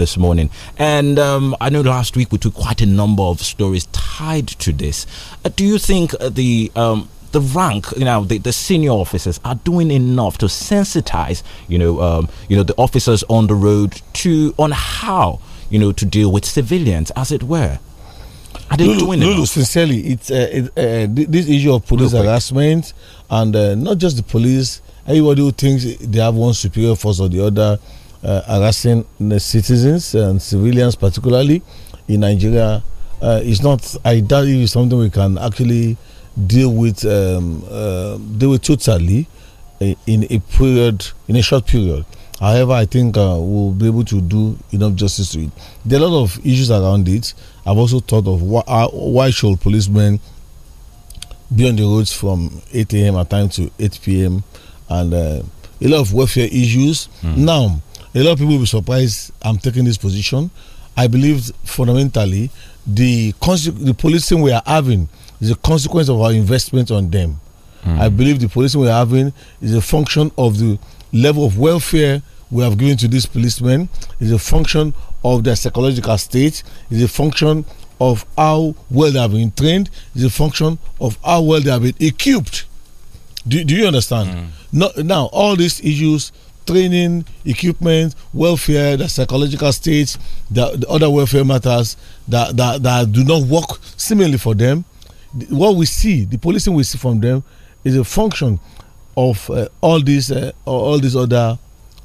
this morning. And um, I know last week we took quite a number of stories tied to this. Uh, do you think uh, the um, the rank, you know, the, the senior officers are doing enough to sensitize, you know, um, you know, the officers on the road to on how, you know, to deal with civilians, as it were. Are they Lulu, doing Lulu, enough? sincerely, it's uh, it, uh, this issue of police Real harassment, quick. and uh, not just the police. Everybody who thinks they have one superior force or the other uh, harassing the citizens and civilians, particularly in Nigeria, uh, is not. I doubt it is something we can actually deal with um, uh, deal with totally in a period in a short period. However, I think uh, we'll be able to do enough justice to it. There are a lot of issues around it. I've also thought of why, uh, why should policemen be on the roads from 8 a.m. at time to 8 p.m. and uh, a lot of welfare issues. Mm. Now, a lot of people will be surprised I'm taking this position. I believe fundamentally the the policing we are having is a consequence of our investment on them. Mm. I believe the policing we are having is a function of the level of welfare we have given to these policemen, is a function of their psychological state, is a function of how well they have been trained, is a function of how well they have been equipped. Do, do you understand? Mm. No, now, all these issues training, equipment, welfare, the psychological state, the, the other welfare matters that, that, that do not work similarly for them. What we see, the policing we see from them, is a function of uh, all these uh, all these other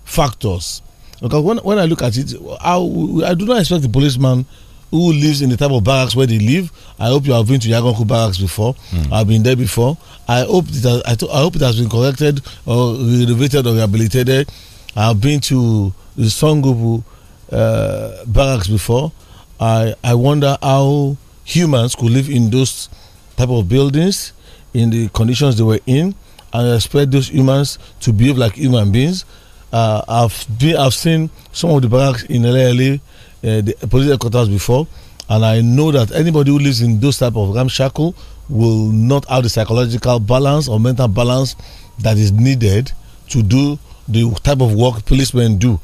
factors. Because when, when I look at it, I, I do not expect the policeman who lives in the type of barracks where they live. I hope you have been to Yagonku barracks before. Mm. I've been there before. I hope it has, I, I, hope it has been corrected or renovated or rehabilitated. I've been to the Songubu uh, barracks before. I I wonder how humans could live in those type of buildings in the conditions they were in and expect those humans to behave like human beings. Uh, I've been, I've seen some of the barracks in LA uh, the political quarters before, and I know that anybody who lives in those type of ramshackle will not have the psychological balance or mental balance that is needed to do the type of work policemen do.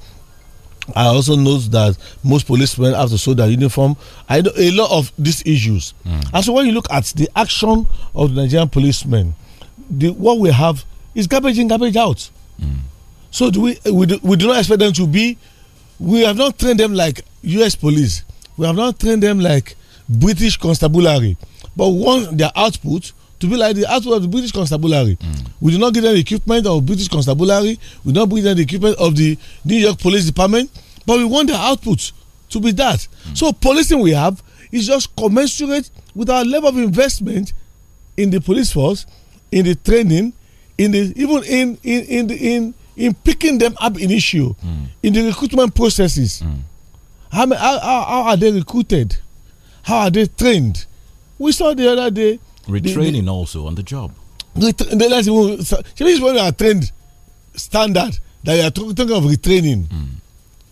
I also know that most policemen have to show their uniform. I know a lot of these issues. Mm. And so when you look at the action of the Nigerian policemen, the, what we have is garbage in, garbage out. Mm. So do we, we do, we do not expect them to be, we have not trained them like US police, we have not trained them like British constabulary, but want their output to be like the output of the British constabulary. Mm. We do not give them the equipment of British constabulary, we do not bring them the equipment of the New York Police Department, but we want their output to be that. Mm. So, policing we have is just commensurate with our level of investment in the police force, in the training, in the even in in in the, in in picking them up in issue, mm. in the recruitment processes. Hmm. How, how, how are they recruited? How are they trained? We saw the other day. Retraining the, the, also on the job. The, last when you are trained standard that you are talking of retraining. Mm.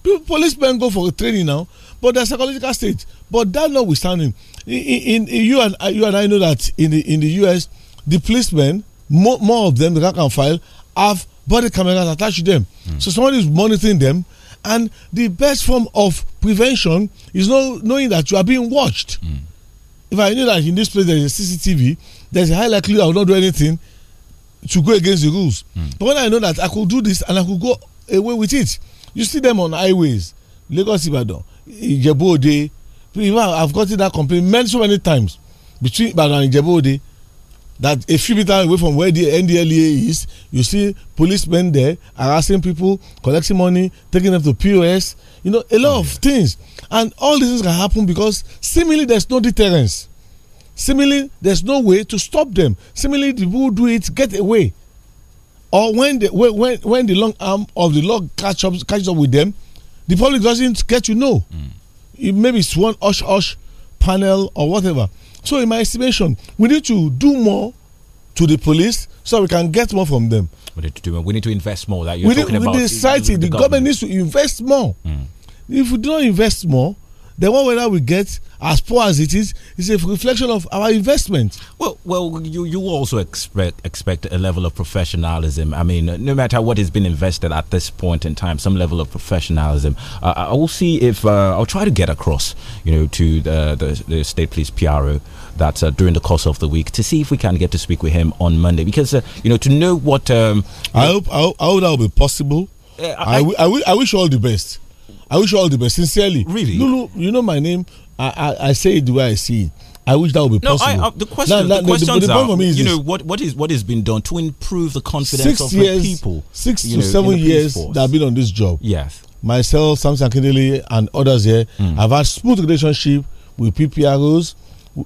People, policemen go for training now, but there's psychological state. But that notwithstanding, in, in, in you and you and I know that in the in the US, the policemen, more, more of them, the rank and file, have body cameras attached to them. Mm. So somebody is monitoring them and the best form of prevention is know, knowing that you are being watched. Mm. If I knew that in this place there is a CCTV, there's a high likelihood I will not do anything to go against the rules. Mm. But when I know that I could do this and I could go away with it, you see them on highways, Lagos Ibadan, Ijebu Ode. I've gotten that complaint many so many times between Ibadan and Ijebu Ode that a few meters away from where the NDLEA is, you see policemen there harassing people, collecting money, taking them to POS, you know, a lot of things. And all these things can happen because seemingly there's no deterrence. Seemingly there's no way to stop them. Seemingly the people do it get away. Or when the when when the long arm of the law catch up catches up with them, the public doesn't get to know. Mm. It, maybe it's one hush hush panel or whatever. So, in my estimation, we need to do more to the police so we can get more from them. We need to do more. We need to invest more. That you're we talking need, about. With the, society, the, the, government. needs to invest more. Mm. If we do not invest more, the one weather we get, as poor as it is, is a reflection of our investment. Well, well, you you also expect expect a level of professionalism. I mean, no matter what has been invested at this point in time, some level of professionalism. Uh, I will see if uh, I'll try to get across, you know, to the the, the state police PRO that uh, during the course of the week to see if we can get to speak with him on Monday because uh, you know to know what. Um, I hope I hope, I hope that will be possible. I, I, I, I wish all the best. I wish you all the best, sincerely. Really? Lulu, you know my name. I, I, I say it the way I see it. I wish that would be no, possible. No, uh, the question, the questions the, the, the are, you know, what, what is what has been done to improve the confidence of years, the people? Six to know, seven years that I've been on this job. Yes. Myself, Samson Akindele, and others here, mm. I've had smooth relationship with PPROs,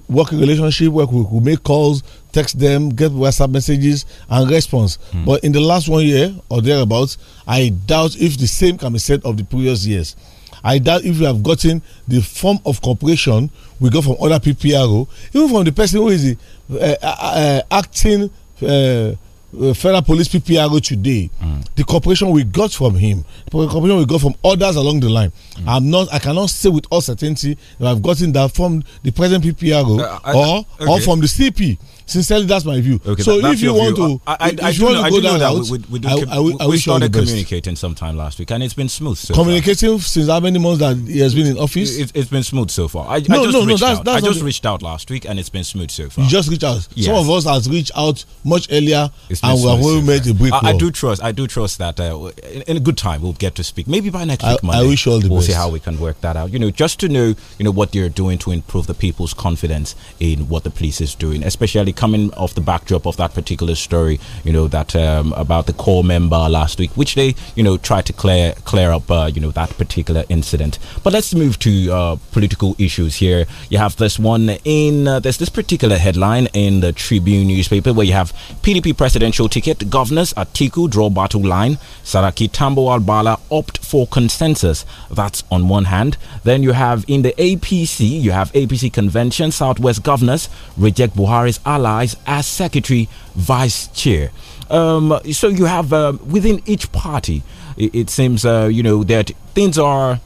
working relationship where we could make calls, text them, get WhatsApp messages and response. Mm. But in the last one year or thereabouts, I doubt if the same can be said of the previous years. I doubt if we have gotten the form of cooperation we got from other PPRO, even from the person who is the, uh, uh, uh, acting uh, uh, federal police PPRO today, mm. the cooperation we got from him, the cooperation we got from others along the line, mm. I'm not, I cannot say with all certainty that I've gotten that from the present PPRO uh, I, or okay. or from the CP sincerely that's my view okay, so that, if you want to I, I, if I you want know, to go down that route, we, we, I, we, we, we started communicating sometime last week and it's been smooth so communicating since how many months that he has been in office it, has been smooth so far I, no, I just, no, reached, no, that's, out. That's I just reached out last week and it's been smooth so far you just reached out yes. some of us has reached out much earlier it's and we have made a break I, do trust I do trust that uh, in, a good time we'll get to speak maybe by next week Monday, I wish all the we'll see how we can work that out you know just to know you know what they're doing to improve the people's confidence in what the police is doing especially coming off the backdrop of that particular story, you know, that um, about the core member last week, which they, you know, tried to clear clear up, uh, you know, that particular incident. But let's move to uh, political issues here. You have this one in uh, there's this particular headline in the Tribune newspaper where you have PDP presidential ticket governors Atiku draw battle line, Saraki Tambo Albala opt for consensus. That's on one hand. Then you have in the APC, you have APC convention Southwest governors reject Buhari's ally allies as secretary, vice chair. Um, so you have uh, within each party, it, it seems uh, you know that things are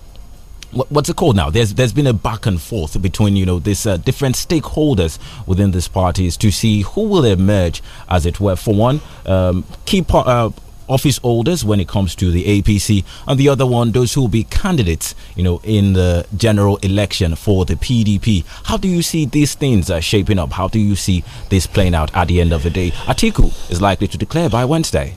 what's it called now? There's there's been a back and forth between you know these uh, different stakeholders within these parties to see who will emerge, as it were. For one, um, key uh, office holders when it comes to the APC, and the other one, those who will be candidates, you know, in the general election for the PDP. How do you see these things uh, shaping up? How do you see this playing out at the end of the day? Atiku is likely to declare by Wednesday.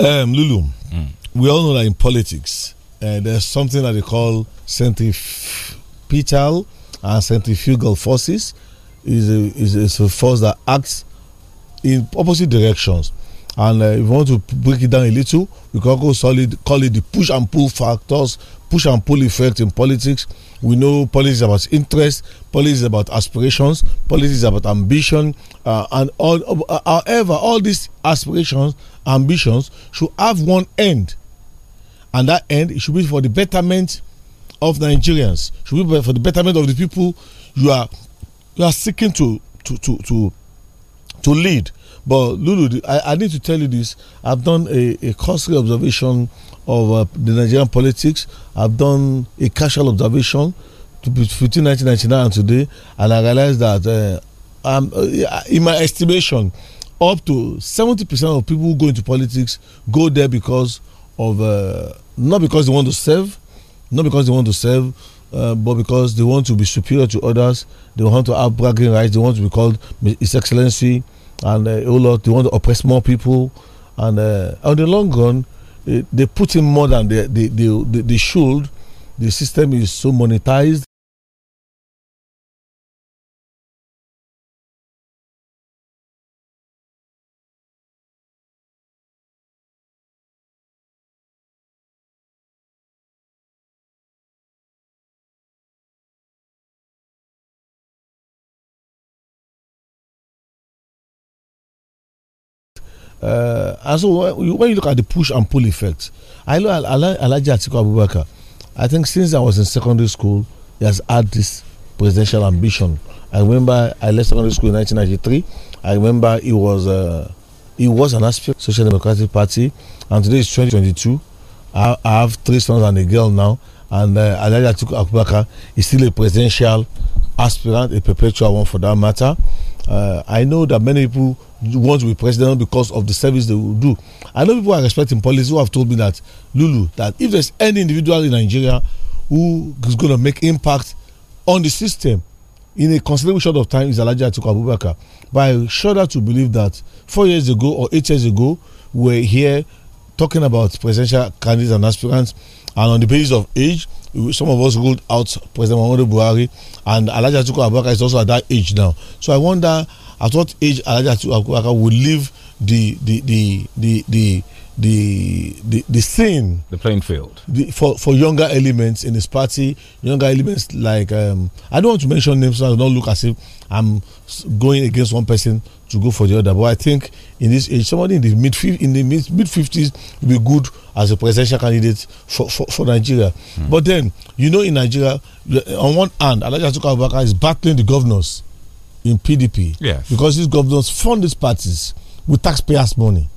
Um, Lulu, mm. we all know that in politics, uh, there's something that they call centripetal and centrifugal forces. Is a, is a force that acts in opposite directions. And uh, if you want to break it down a little, we can go solid, call it the push and pull factors, push and pull effect in politics. We know politics is about interest, politics is about aspirations, politics is about ambition, uh, and all. Uh, however, all these aspirations, ambitions should have one end, and that end it should be for the betterment of Nigerians. It should be for the betterment of the people you are you are seeking to to to to, to lead but Lulu, I, I need to tell you this. I've done a, a costly observation of uh, the Nigerian politics. I've done a casual observation to, between 1999 and today, and I realized that uh, um, in my estimation, up to 70% of people who go into politics go there because of uh, not because they want to serve, not because they want to serve, uh, but because they want to be superior to others. They want to have bragging rights. They want to be called His Excellency and uh, oh Lord, they want to oppress more people. And uh, on the long run, uh, they put in more than they, they, they, they, they should. The system is so monetized. Uh, and so when you look at the push and pull effect, I know Al Alaji Atiku Abubakar. I think since I was in secondary school, he has had this presidential ambition. I remember I left secondary school in 1993. I remember he was uh, he was an aspirant Social Democratic Party, and today is 2022. I, I have three sons and a girl now, and uh, Alaji Atiku Abubakar is still a presidential aspirant, a perpetual one for that matter. Uh, I know that many people want to be president because of the service they will do. I know people are respecting policy who have told me that Lulu, that if there's any individual in Nigeria who is going to make impact on the system in a considerable short of time, is Alaji Atiku Abubakar. But I shudder to believe that four years ago or eight years ago, we're here talking about presidential candidates and aspirants, and on the basis of age, some of us ruled out President Muhammadu Buhari, and Alhaji Atiku Abubakar is also at that age now. So I wonder at what age Alhaji Atiku Abubakar will leave the the the the the the the, the scene, the playing field, the, for for younger elements in his party, younger elements like um, I don't want to mention names, so I do not look as if I'm going against one person to go for the other. But I think in this age, somebody in the mid in the mid mid fifties will be good as a presidential candidate for for, for Nigeria. Mm. But then you know, in Nigeria, on one hand, Alhaji Atiku is battling the governors in PDP, yes. because these governors fund these parties with taxpayers' money,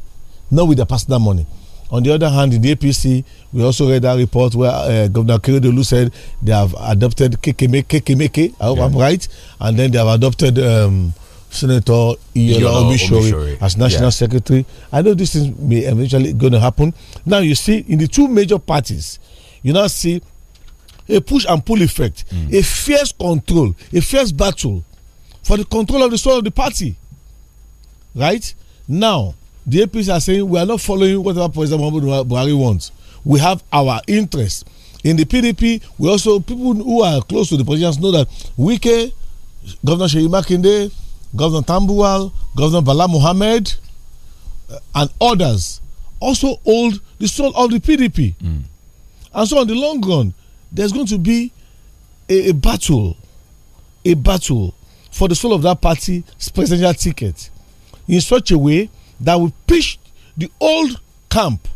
not with their personal money. On the other hand, in the APC, we also read that report where uh, Governor Kiridolu said they have adopted Kekemeke, Kekemeke, I hope yeah. I'm right, and then they have adopted. Um, Senator Iola Obishori as National yeah. Secretary. I know this is eventually going to happen. Now you see in the two major parties, you now see a push and pull effect, mm. a fierce control, a fierce battle for the control of the soul of the party. Right now, the APs are saying we are not following whatever President Muhammadu Buhari wants. We have our interests. In the PDP, we also people who are close to the politicians know that Wike, Governor Sheyi Makinde, Governor Tambuwal, Governor Bala Muhammad, uh, and others also hold the soul of the PDP. Mm. And so, on the long run, there's going to be a, a battle, a battle for the soul of that party's presidential ticket in such a way that will push the old camp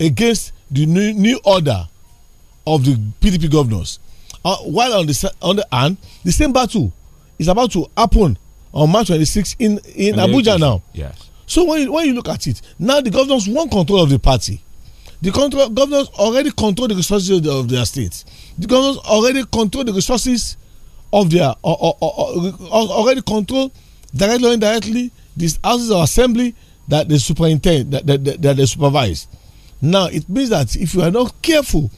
against the new, new order of the PDP governors. Uh, while on the, on the hand, the same battle is about to happen on March 26 in, in Abuja now. Yes. So when you, when you look at it, now the governors want control of the party. The control, governors already control the resources of their states. The governors already control the resources of their, or, or, or, already control directly or indirectly these houses of assembly that they superintend, that, that, that, that they supervise. Now it means that if you are not careful,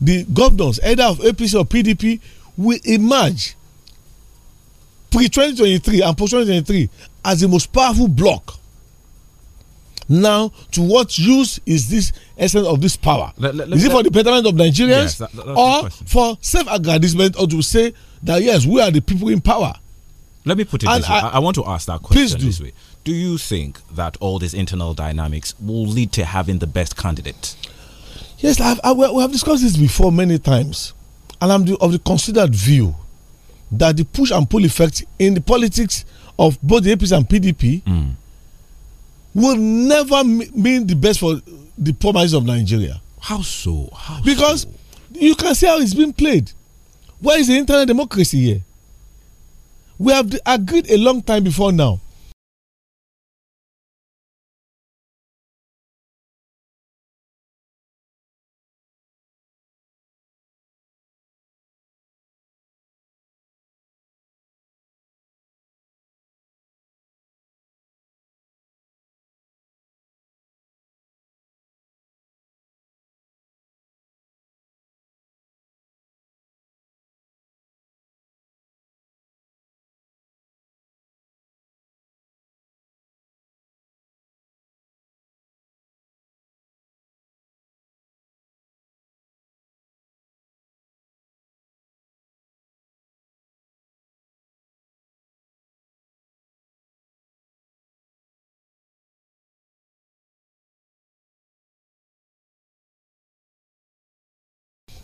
the governors either of APC or PDP will emerge pre 2023 and post 2023 as the most powerful block. Now, to what use is this essence of this power? Let, let, is it for the betterment of Nigerians yes, that, that, or for self aggrandizement or to say that yes, we are the people in power? Let me put it and this I, way. I, want to ask that question do. this way. Do you think that all these internal dynamics will lead to having the best candidate? Yes, I, we have discussed this before many times, and I'm the, of the considered view that the push and pull effect in the politics of both the APC and PDP mm. will never mean the best for the poor of Nigeria. How so? How because so? you can see how it's being played. Where is the internal democracy here? We have agreed a long time before now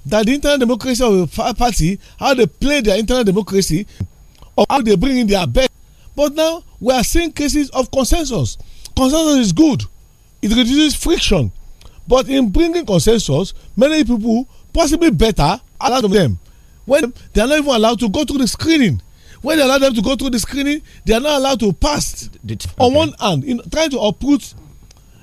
that the internal democracy of a party how they play their internal democracy or how they bring in their best but now we are seeing cases of consensus consensus is good it reduces friction but in bringing consensus many people possibly better a lot of them when they are not even allowed to go through the screening when they allow them to go through the screening they are not allowed to pass okay. on one hand in trying to uproot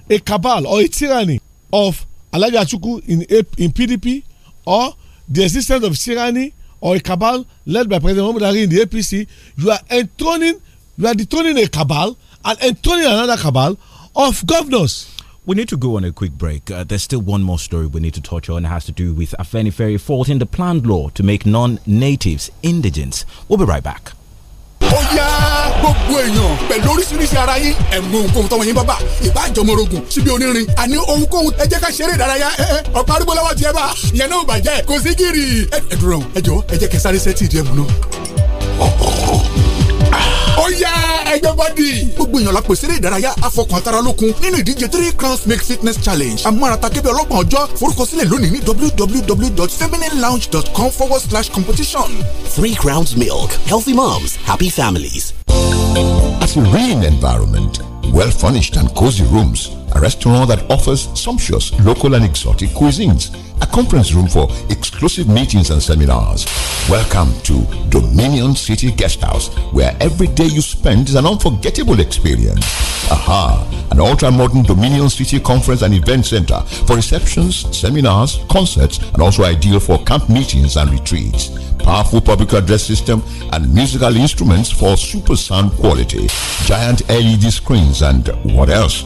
a cabal or a tyranny of alhaji atiku in, in pdp or the existence of tyranny or a cabal led by President Muhammad in the APC, you are enthroning, you are dethroning a cabal and enthroning another cabal of governors. We need to go on a quick break. Uh, there's still one more story we need to touch on. It has to do with Afeni Ferry faulting the planned law to make non natives indigents. We'll be right back. Oh, yeah! gbogbo èèyàn pẹ̀lú oríṣiríṣi ara yín ẹ̀ mú ohunkóhun tọ́wọ́ yín bá bà ìbá àjọmọ́rogùn síbi onírin àní ohunkóhun ẹ jẹ́ ká ṣeré ìdárayá ẹ ẹ ọ̀pá arúgbó lọ́wọ́ tiẹ̀ bá ìyẹn náà bàjẹ́ kò sí gírì ẹ dùrọ̀ ẹ jọ ẹ jẹ́ kẹsàrẹ́sẹ́ tì í dẹ́ mu náà ó yá ẹjọ́ bọ́dì. gbogbo èèyàn la pèsè eré ìdárayá afọkàntara lókun nínú ìdíje three crowns make fitness challenge amárata kébé ọlọ́gbọ̀n ọjọ́ forúkọsílẹ̀ lónìí ní www.femininelounge.com forward slash competition. three crowns milk healthy moms happy families. a serene environment well furnished and cozy rooms a restaurant that offers sumptuous local and exotic cuisines, a conference room for exclusive meetings and seminars. Welcome to Dominion City Guesthouse, where every day you spend is an unforgettable experience. Aha, an ultra-modern Dominion City Conference and Event Center for receptions, seminars, concerts, and also ideal for camp meetings and retreats. Powerful public address system and musical instruments for super sound quality. Giant LED screens and what else?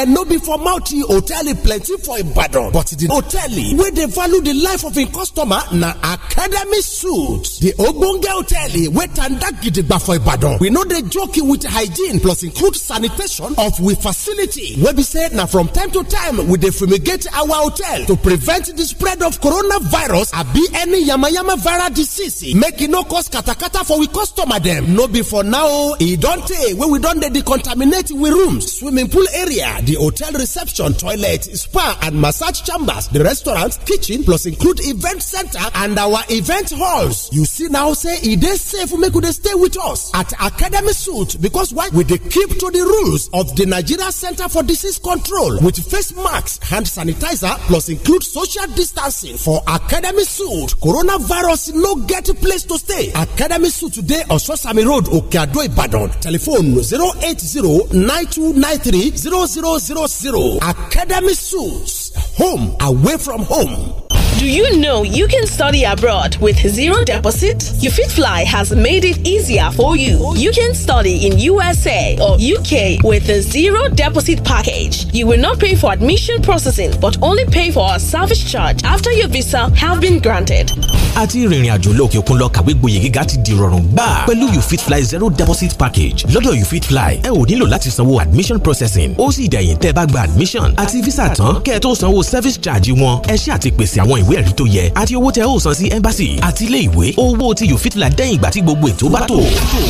Eh, no be for mouthing hotel plenty for ibadan but the hotel wey dey value the life of im customer na academy suit the ogbonge hotel wey tanda gidigba for ibadan we no dey joking with hygiene plus include sanitation of we facility wey be say na from time to time we dey fumigate our hotel to prevent the spread of coronavirus abi any yamayama viral disease make e no cause katakata for we customer dem no be for now oh, e don tey wey we don dey decontaminate we rooms swimming pool area the hotel reception, toilet, spa, and massage chambers, the restaurant, kitchen, plus include event center and our event halls. You see now, say it is safe make you stay with us at Academy Suit because why? We dey keep to the rules of the Nigeria Center for Disease Control with face masks, hand sanitizer, plus include social distancing for Academy Suit. Coronavirus no get place to stay. Academy Suit today, Sosami Road, Okeado, Ibadan. Telephone 080 9293 00 zero zero academy suits home away from home. Do you know you can study abroad with zero deposit? UFitFly has made it easier for you. You can study in USA or UK with a zero deposit package. You will not pay for admission processing but only pay for a service charge after your visa have been granted. àti ìrìnrìn àjò lóòkè òkun lọ kàwé gboyè gíga ti di rọrùn gbà pẹ̀lú UFitFly zero deposit package lọ́dọ̀ UFitFly ẹ ò nílò láti sanwó admission processing ó sì dẹ̀yìn tẹ́ ẹ bá gba admission àti visa tán kẹ́ ẹ tó sanwó service charge wọn ẹ ṣe àti pèsè àwọn ìwé ẹ̀rí tó yẹ àti owó tẹ ó san sí embassy àti ilé ìwé owó tí you fit dẹ́yìn ìgbà tí gbogbo ètò bá tó.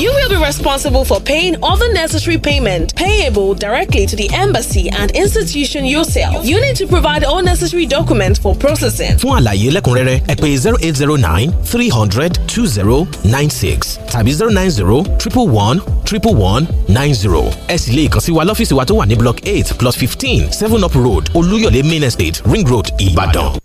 You will be responsible for paying all the necessary payment payable directly to the embassy and institution yourself. You need to provide all necessary documents for processing. Fún àlàyé lẹ́kùnrẹ́rẹ́ ẹ pè zero eight zero nine three hundred two zero nine six tàbí zero nine zero triple one triple one nine zero. ẹ sì lè kàn sí wa lọ́fíìsì wa tó wà ní block eight plus fifteen seven up road olúyọ̀lé main estate ring road ìbàdàn.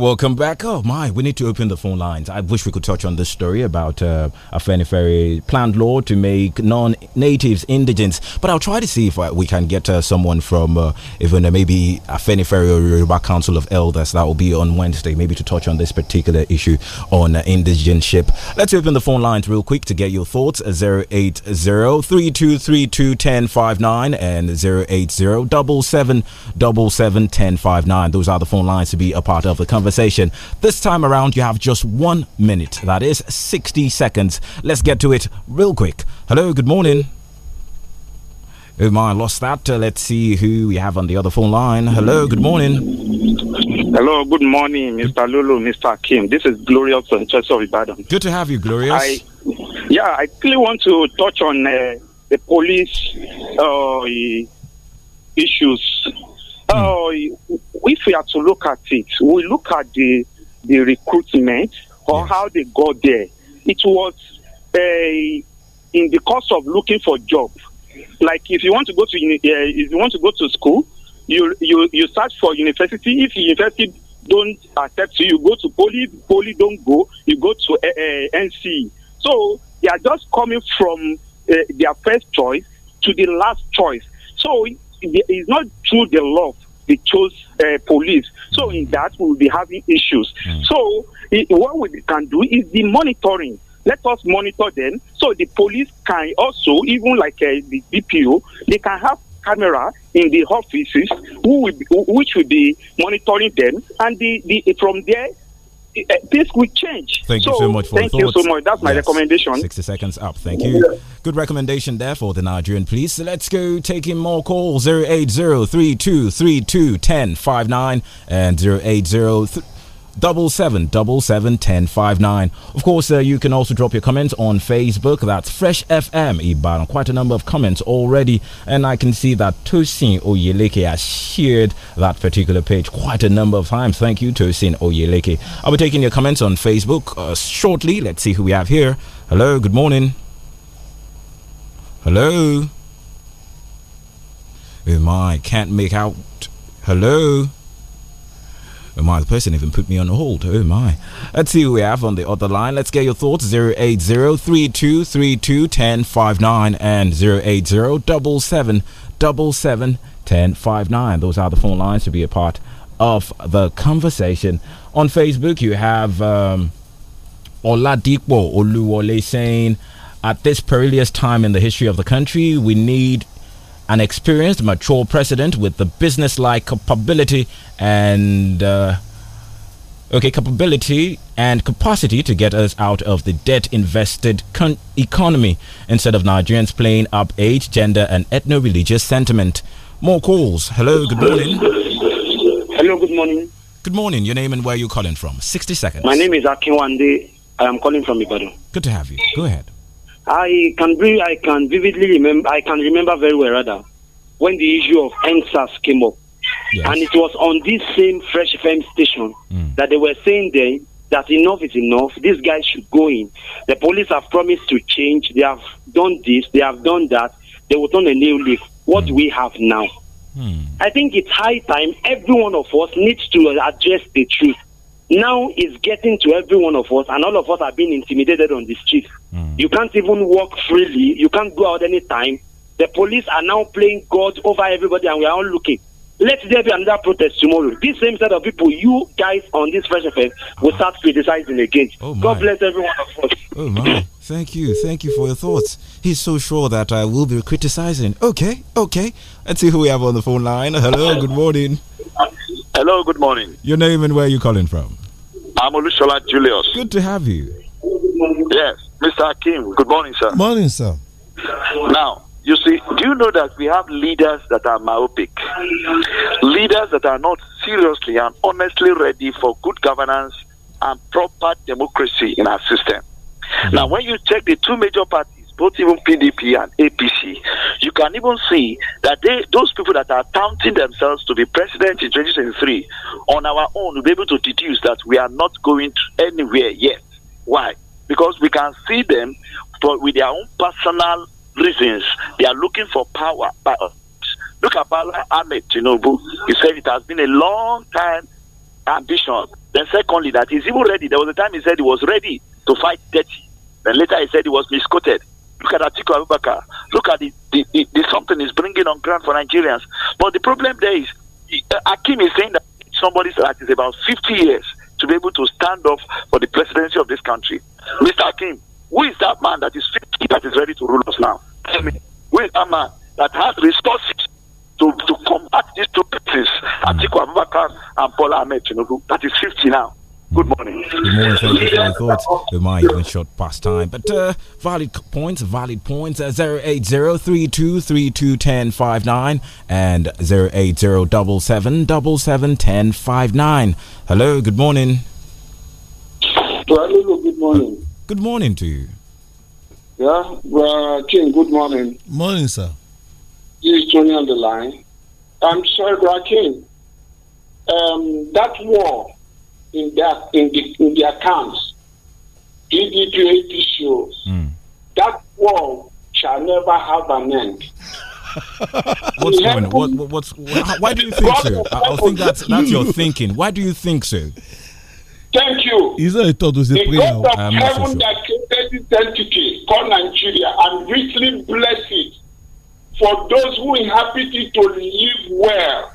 welcome back. Oh my, we need to open the phone lines. I wish we could touch on this story about uh, a Fenny Ferry planned law to make non-natives indigents, but I'll try to see if I, uh, we can get uh, someone from uh, even uh, maybe a Fenny Ferry or Yoruba Council of Elders that will be on Wednesday, maybe to touch on this particular issue on uh, indigenship. Let's open the phone lines real quick to get your thoughts. Zero eight zero three two three two ten five nine and zero eight zero double seven double seven ten five nine. Those are the phone lines to be a part of the conversation conversation. This time around, you have just one minute. That is 60 seconds. Let's get to it real quick. Hello, good morning. Oh my, I lost that. Uh, let's see who we have on the other phone line. Hello, good morning. Hello, good morning, Mr. Lulu, Mr. Kim. This is Glorious from of Ibadan. Good to have you, Glorious. I, yeah, I clearly want to touch on uh, the police uh, issues uh, if we are to look at it, we look at the the recruitment or yes. how they got there. It was a in the course of looking for job. Like if you want to go to uh, if you want to go to school, you you you search for university. If university don't accept you, you go to poly. Poly don't go. You go to uh, eh, eh, NC. So they are just coming from their first choice to the last choice. So it, it's not through the love they chose uh, police. So in that, we will be having issues. Mm. So it, what we can do is the monitoring. Let us monitor them. So the police can also, even like uh, the DPO, they can have camera in the offices who will be, which will be monitoring them and the, the from there this will change. Thank so, you so much for Thank you so much. That's my yes. recommendation. 60 seconds up. Thank you. Yeah. Good recommendation there for the Nigerian police. Let's go taking more calls 080 3232 1059 and 080 double seven double seven ten five nine. Of course, uh, you can also drop your comments on Facebook. That's Fresh FM Ibadan. Quite a number of comments already, and I can see that Tosin Oyeleke has shared that particular page quite a number of times. Thank you, Tosin Oyeleke. I'll be taking your comments on Facebook uh, shortly. Let's see who we have here. Hello, good morning. Hello. Oh my, can't make out. Hello. Oh my, the person even put me on hold. Oh my. Let's see who we have on the other line. Let's get your thoughts. 80 3232 and 80 777 Those are the phone lines to be a part of the conversation. On Facebook, you have um, Oladipo Oluwole saying, at this perilous time in the history of the country, we need an experienced, mature president with the business-like capability and uh, okay capability and capacity to get us out of the debt-invested economy instead of Nigerians playing up age, gender, and ethno-religious sentiment. More calls. Hello. Good morning. Hello. Good morning. Good morning. Your name and where are you calling from? 60 seconds. My name is Akinwande. I am calling from Ibadan. Good to have you. Go ahead. I can be, I can vividly remember, I can remember very well rather when the issue of NSAS came up. Yes. And it was on this same Fresh FM station mm. that they were saying then that enough is enough. These guys should go in. The police have promised to change. They have done this. They have done that. They will turn a new leaf. What mm. do we have now? Mm. I think it's high time every one of us needs to address the truth now is getting to every one of us, and all of us are being intimidated on the streets. Mm. You can't even walk freely, you can't go out anytime. The police are now playing God over everybody, and we are all looking. Let there be another protest tomorrow. This same set of people, you guys on this fresh event, will start criticizing again. Oh God bless every one of us. Oh, my. Thank you. Thank you for your thoughts. He's so sure that I will be criticizing. Okay. Okay. Let's see who we have on the phone line. Hello. Good morning. Hello. Good morning. Your name and where are you calling from? I'm Olushola Julius. Good to have you. Yes, Mr. Akim. Good morning, sir. Morning, sir. Now, you see, do you know that we have leaders that are myopic? Leaders that are not seriously and honestly ready for good governance and proper democracy in our system. Now, when you check the two major parties, both even PDP and APC, you can even see that they, those people that are counting themselves to be president in 2023, on our own, will be able to deduce that we are not going anywhere yet. Why? Because we can see them but with their own personal reasons. They are looking for power. But look at Bala Ahmed Tinubu. He said it has been a long time ambition. Then secondly, that he's even ready. There was a time he said he was ready to fight dirty. Then later he said he was misquoted. Look at Atiku Abubakar. Look at the, the, the, the something is bringing on ground for Nigerians. But the problem there is, uh, Akim is saying that somebody is about 50 years to be able to stand up for the presidency of this country. Mr. Akim, who is that man that is 50 that is ready to rule us now? Tell me, who is that man that has resources to, to combat these two pieces, Atiku Abubakar and Paul Ahmed Tinubu, that is 50 now? Good morning. Good morning. Thank you for your thoughts. We might even short past time, but uh, valid points, valid points. Uh, zero eight zero three two three two ten five nine and zero eight zero double seven double seven ten five nine. Hello. Good morning. Good morning. Good morning to you. Yeah, well, King. Good morning. Morning, sir. This is Tony on the line. I'm sorry, King. Um, that war in their in, the, in their camps. PDP APCO. Mm. That war shall never have an end. what's going on? What, what's, why do you think so? I, I think that's, that's your thinking. Why do you think so? Thank you. Is there a thought to say the prayer? God of I'm heaven so sure. that created this entity called Nigeria and richly blessed for those who inhabit it to live well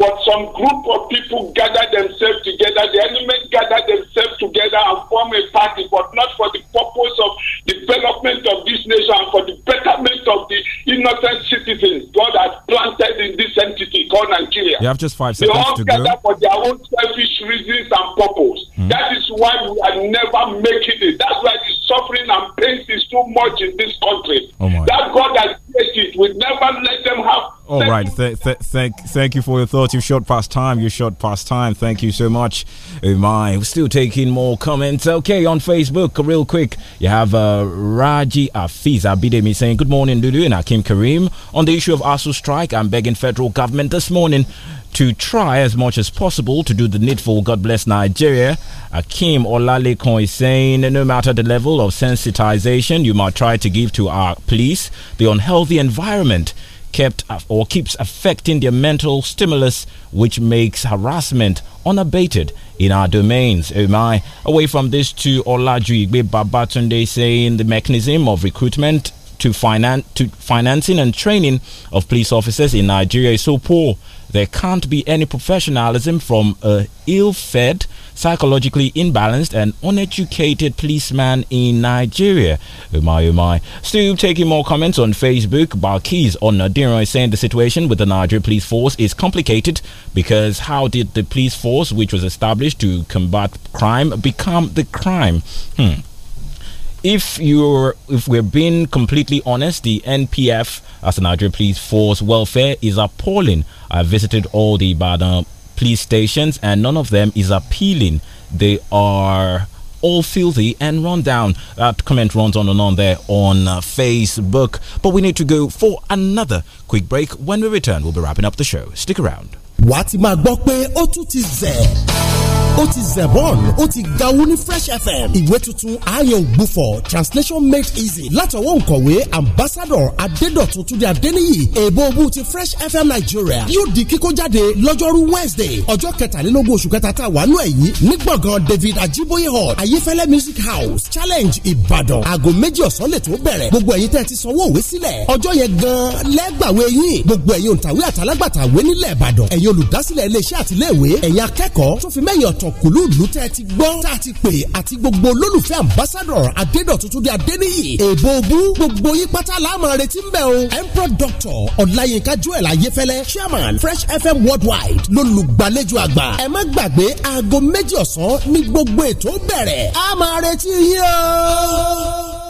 but some group of people gather themselves together, the elements gather themselves together and form a party, but not for the purpose of development of this nation and for the betterment of the innocent citizens God has planted in this entity called Nigeria. You have just five seconds they all to gather go. for their own selfish reasons and purpose. Mm. That is why we are never making it. That's why the suffering and pain is too much in this country. Oh that God has it. We never let them have. All right. Th- th- thank, thank you for your thoughts. You've shot past time. You've shot past time. Thank you so much. Oh my, we're still taking more comments. Okay, on Facebook, real quick, you have uh, Raji Afiz Abidemi saying, Good morning, Lulu and Akim Karim. On the issue of Arsenal strike, I'm begging federal government this morning to try as much as possible to do the needful. God bless Nigeria. Akim Olalekan is saying, no matter the level of sensitization you might try to give to our police, the unhealthy environment kept or keeps affecting their mental stimulus, which makes harassment unabated in our domains. Am I Away from this to Olajuwon, Babatunde saying the mechanism of recruitment to, finance, to financing and training of police officers in Nigeria is so poor there can't be any professionalism from a ill-fed, psychologically imbalanced and uneducated policeman in Nigeria. Oh my, oh my. Still taking more comments on Facebook. Barkis on Nadiran is saying the situation with the Nigeria police force is complicated because how did the police force, which was established to combat crime, become the crime? Hmm if you're if we're being completely honest, the NPF as an Nigeria Police Force welfare is appalling. I visited all the bad police stations and none of them is appealing. They are all filthy and run down. That comment runs on and on there on uh, Facebook. But we need to go for another quick break. When we return, we'll be wrapping up the show. Stick around. wàá ti máa gbọ́ pé ó tún ti zẹ̀ ó ti zebon ó ti gawú ní fresh fm ìwé tuntun ayọ̀ ògbufọ̀ translation made easy látọwọ́ òǹkọ̀wé ambassador adédọ̀tun túnde adéníyì èèbó ogun ti fresh fm nigeria yóò di kíkó jáde lọ́jọ́rú wednesday ọjọ́ kẹtàlélógún oṣù kẹta tá a wà nù ẹ̀yìn ní gbọ̀ngàn david ajiboye hall ayéfẹ́lẹ́ music house challenge ìbàdàn aago méjì ọ̀sán lè tó bẹ̀rẹ̀ gbogbo ẹ̀yin tẹ́ ti sanwó òwe sílẹ̀ ọjọ́ yẹn gan-an lẹ́gbàwé yín gbogbo ẹ̀yin òǹtàwé àtàlágbàtàwé nílẹ̀ ìbàdàn ẹ̀yin ẹ̀yin olùdásílẹ̀ iléeṣẹ́ àtiléèwé ẹ̀yin akẹ́kọ̀ọ́ tó fi mẹ́yìn ọ̀tọ̀ kùlú ìlú tẹ́ ti gbọ́ tá a ti pè àti gbogbo olólùfẹ́ ambassadọ̀r adédọ̀tutù di adéníyì èbó ogún gbogbo yín pátá láàmú retí ń bẹ̀ o emperor doctor ọláyínká joel ayéfẹ́lẹ́ chairman fresh fm worldwide lólùgbàlejò àgbà ẹ má gbàgbé aago méjì ọ̀sán ní gbogbo ètò bẹ̀rẹ̀ a máa retí yín o.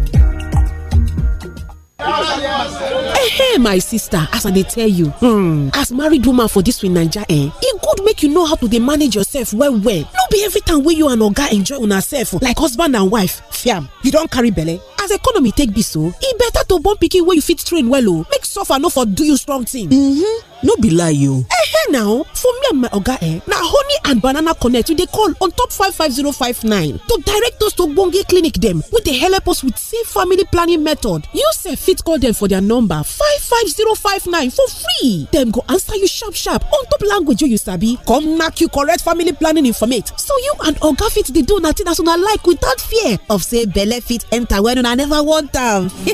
Hey, eh, eh, my sister, as I dey tell you, hmm, as married woman for this dis naija eh, e good make you know how to dey manage yourself well well. No be every time wey you and oga enjoy una sef like husband and wife, fiam, you don carry belle. As economy take be so, e better to born pikin wey you fit train well o, oh, make suffer no for do you strong thing. Mm-hmm. No be lie o. Oh. Hey, eh, now oh, for me and my oga eh, na honey and banana connect we dey call on top 55059 to direct us to ogbonge clinic dem wey dey help us with safe family planning method. You sef fit call dem for their number five five five zero nine for free. Dem go answer you sharp sharp on top language you sabi come knack you correct family planning informate so you and oga fit dey do una thing as una like without fear of say belle fit enter when una never want am.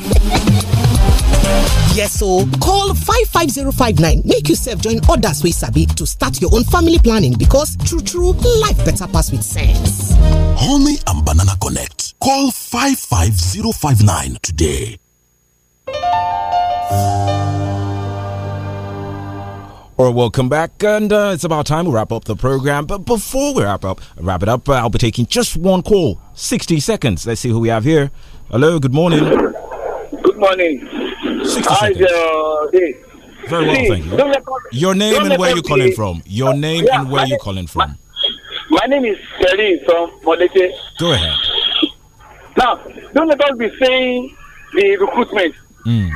yes so call 55059 make yourself join others wey sabi to start your own family planning because true true life better pass with sense. honey and banana connect call 55059 today. All right, welcome back, and uh, it's about time we wrap up the program. But before we wrap up, wrap it up, uh, I'll be taking just one call, sixty seconds. Let's see who we have here. Hello, good morning. Good morning. Sixty seconds. Uh, Very well, thank you. your name and where you are calling from? Your name yeah, and where you are calling from? My, name is Terry from Molete. Go ahead. Now, don't let us be saying the recruitment Mm.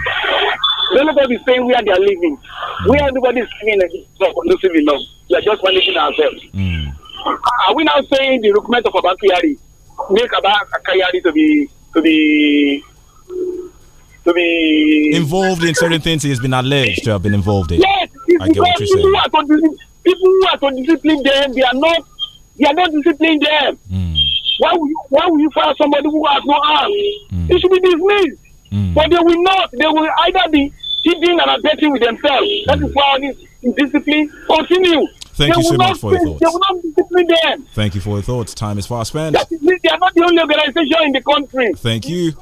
Let nobody say where they are living. Mm. Where everybody is living is not conducive enough. We are just managing ourselves. Mm. Ah, are we now saying the recruitment of Abakayari make Abakayari to be to be to be involved in certain things he has been alleged to have been involved in? Yes, I get what you're people saying. Who people who are to discipline them, they are not they are not disciplining them. Mm. Why will you why will you fire somebody who has no arms? Mm. It should be dismissed. Mm. But they will not, they will either be cheating and abetting with themselves. Mm. That is why this discipline continue. Thank they you so much for your thoughts. They will not discipline them. Thank you for your thoughts. Time is fast spent. Is, they are not the only organization in the country. Thank you.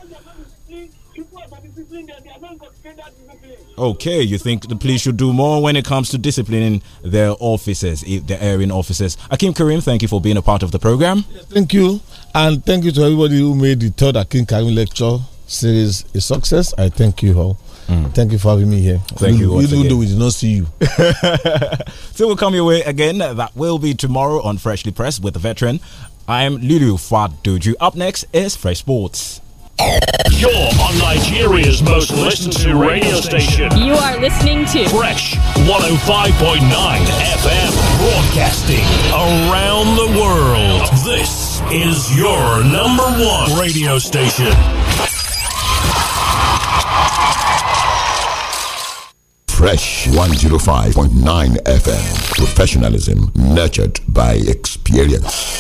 Okay, you think the police should do more when it comes to disciplining their officers, their airing officers. Akim Karim, thank you for being a part of the program. Thank you, and thank you to everybody who made the third Akim Karim lecture series a success. I thank you all. Mm. Thank you for having me here. Thank you. We, you do we did not see you. so we'll come your way again. That will be tomorrow on Freshly Pressed with the veteran. I'm Lulu Fadoju. Up next is Fresh Sports. You're on Nigeria's most listened to radio station. You are listening to Fresh 105.9 FM broadcasting around the world. This is your number one radio station. Fresh 105.9 FM. Professionalism nurtured by experience.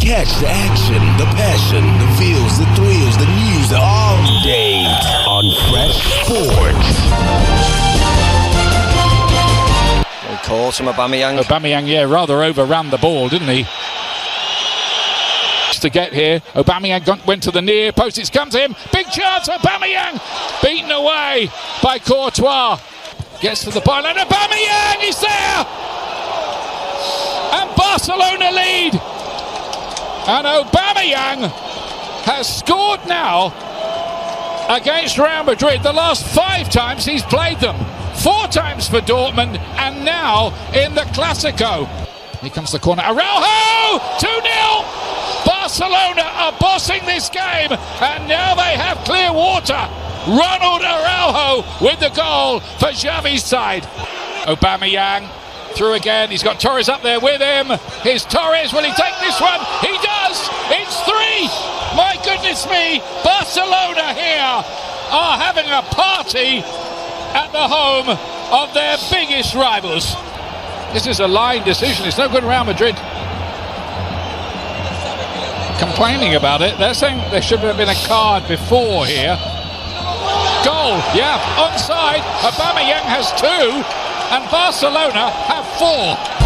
Catch the action, the passion, the feels, the thrills, the news all day on Fresh Sports. They call some Aubameyang. Aubameyang, yeah, rather overran the ball, didn't he? to get here. Aubameyang went to the near post. It's come to him. Big chance. Aubameyang beaten away by Courtois. Gets to the byline. Aubameyang is there. And Barcelona lead. And Aubameyang has scored now against Real Madrid. The last five times he's played them. Four times for Dortmund and now in the Classico. Here comes the corner. Araujo! 2 0! Barcelona are bossing this game, and now they have clear water. Ronald Araujo with the goal for Xavi's side. Obama Yang through again. He's got Torres up there with him. Here's Torres. Will he take this one? He does. It's three. My goodness me. Barcelona here are having a party at the home of their biggest rivals. This is a line decision. It's no good Real Madrid complaining about it. They're saying there should have been a card before here. Goal, yeah, onside. Aubameyang has two, and Barcelona have four.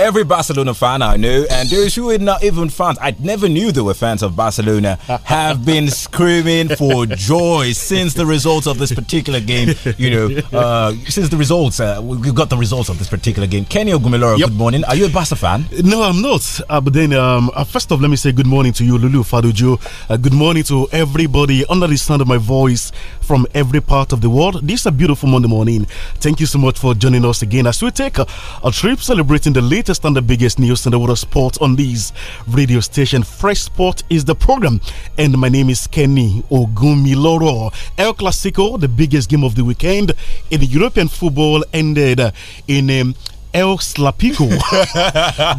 Every Barcelona fan I know, and those who are not even fans, I never knew they were fans of Barcelona, have been screaming for joy since the results of this particular game. You know, uh, since the results, uh, we got the results of this particular game. Kenny Ogumiloro, yep. good morning. Are you a Barca fan? No, I'm not. Uh, but then, um, uh, first off, let me say good morning to you, Lulu Fadujo. Uh, good morning to everybody under the sound of my voice from every part of the world. This is a beautiful Monday morning. Thank you so much for joining us again as we take a, a trip celebrating the latest latest and the biggest news in the world of sports on this radio station. Fresh Sport is the program, and my name is Kenny Ogumiloro. El Clasico, the biggest game of the weekend in the European football, ended uh, in a um, El Slapico.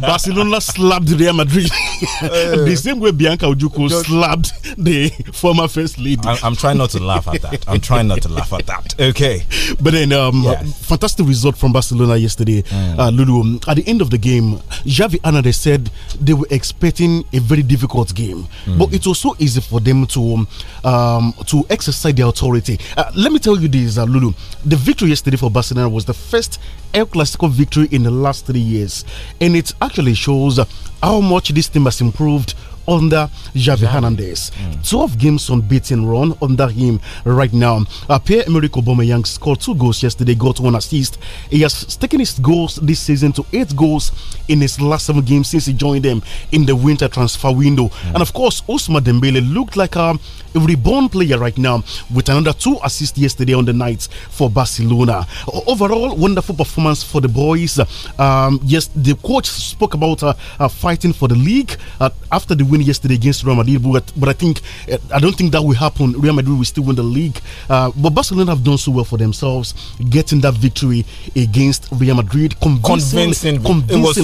Barcelona slapped Real Madrid. Eh. the same way Bianca Ujuku slapped the former first lady. I, am trying not to laugh at that. I'm trying not to laugh at that. Okay. But then, um, yeah. fantastic result from Barcelona yesterday, mm. uh, Lulu. At the end of the game, Xavi Hernandez said they were expecting a very difficult game, mm. but it was so easy for them to um, to exercise their authority. Uh, let me tell you this, uh, Lulu. The victory yesterday for Barcelona was the first El Clasico victory in the last three years. And it actually shows how much this team has improved under Javi Hernandez. Mm. 12 games unbeaten run under him right now. Uh, Pierre Emerick Aubameyang scored two goals yesterday, got one assist. He has taken his goals this season to eight goals in his last seven games since he joined them in the winter transfer window. Mm. And of course, Usma Dembele looked like a a reborn player right now with another two assists yesterday on the night for Barcelona. Overall, wonderful performance for the boys. Um, yes, the coach spoke about uh, uh, fighting for the league uh, after the win yesterday against Real Madrid, but, but I think uh, I don't think that will happen. Real Madrid will still win the league, uh, but Barcelona have done so well for themselves, getting that victory against Real Madrid, convincing, convincing. convincing. It was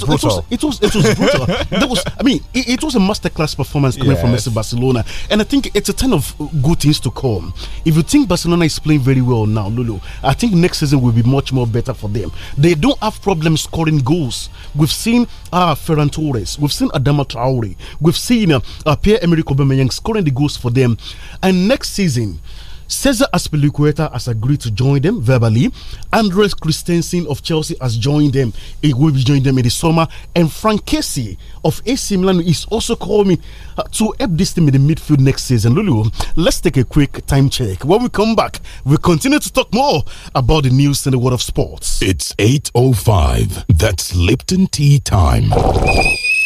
brutal. It was, it was, brutal. that was, I mean, it, it was a masterclass performance coming yes. from FC Barcelona. And I think it's a ton of good things to come. If you think Barcelona is playing very well now, Lulu, I think next season will be much more better for them. They don't have problems scoring goals. We've seen uh, Ferran Torres, we've seen Adama Traore, we've seen uh, uh Pierre-Emerick Aubameyang scoring the goals for them. And next season, Cesar Aspilicueta has agreed to join them verbally. Andres Christensen of Chelsea has joined them. He will be joining them in the summer. And Frank Casey of AC Milan is also coming uh, to help this team in the midfield next season. Lulu, let's take a quick time check. When we come back, we continue to talk more about the news in the world of sports. It's 8.05. That's Lipton Tea Time.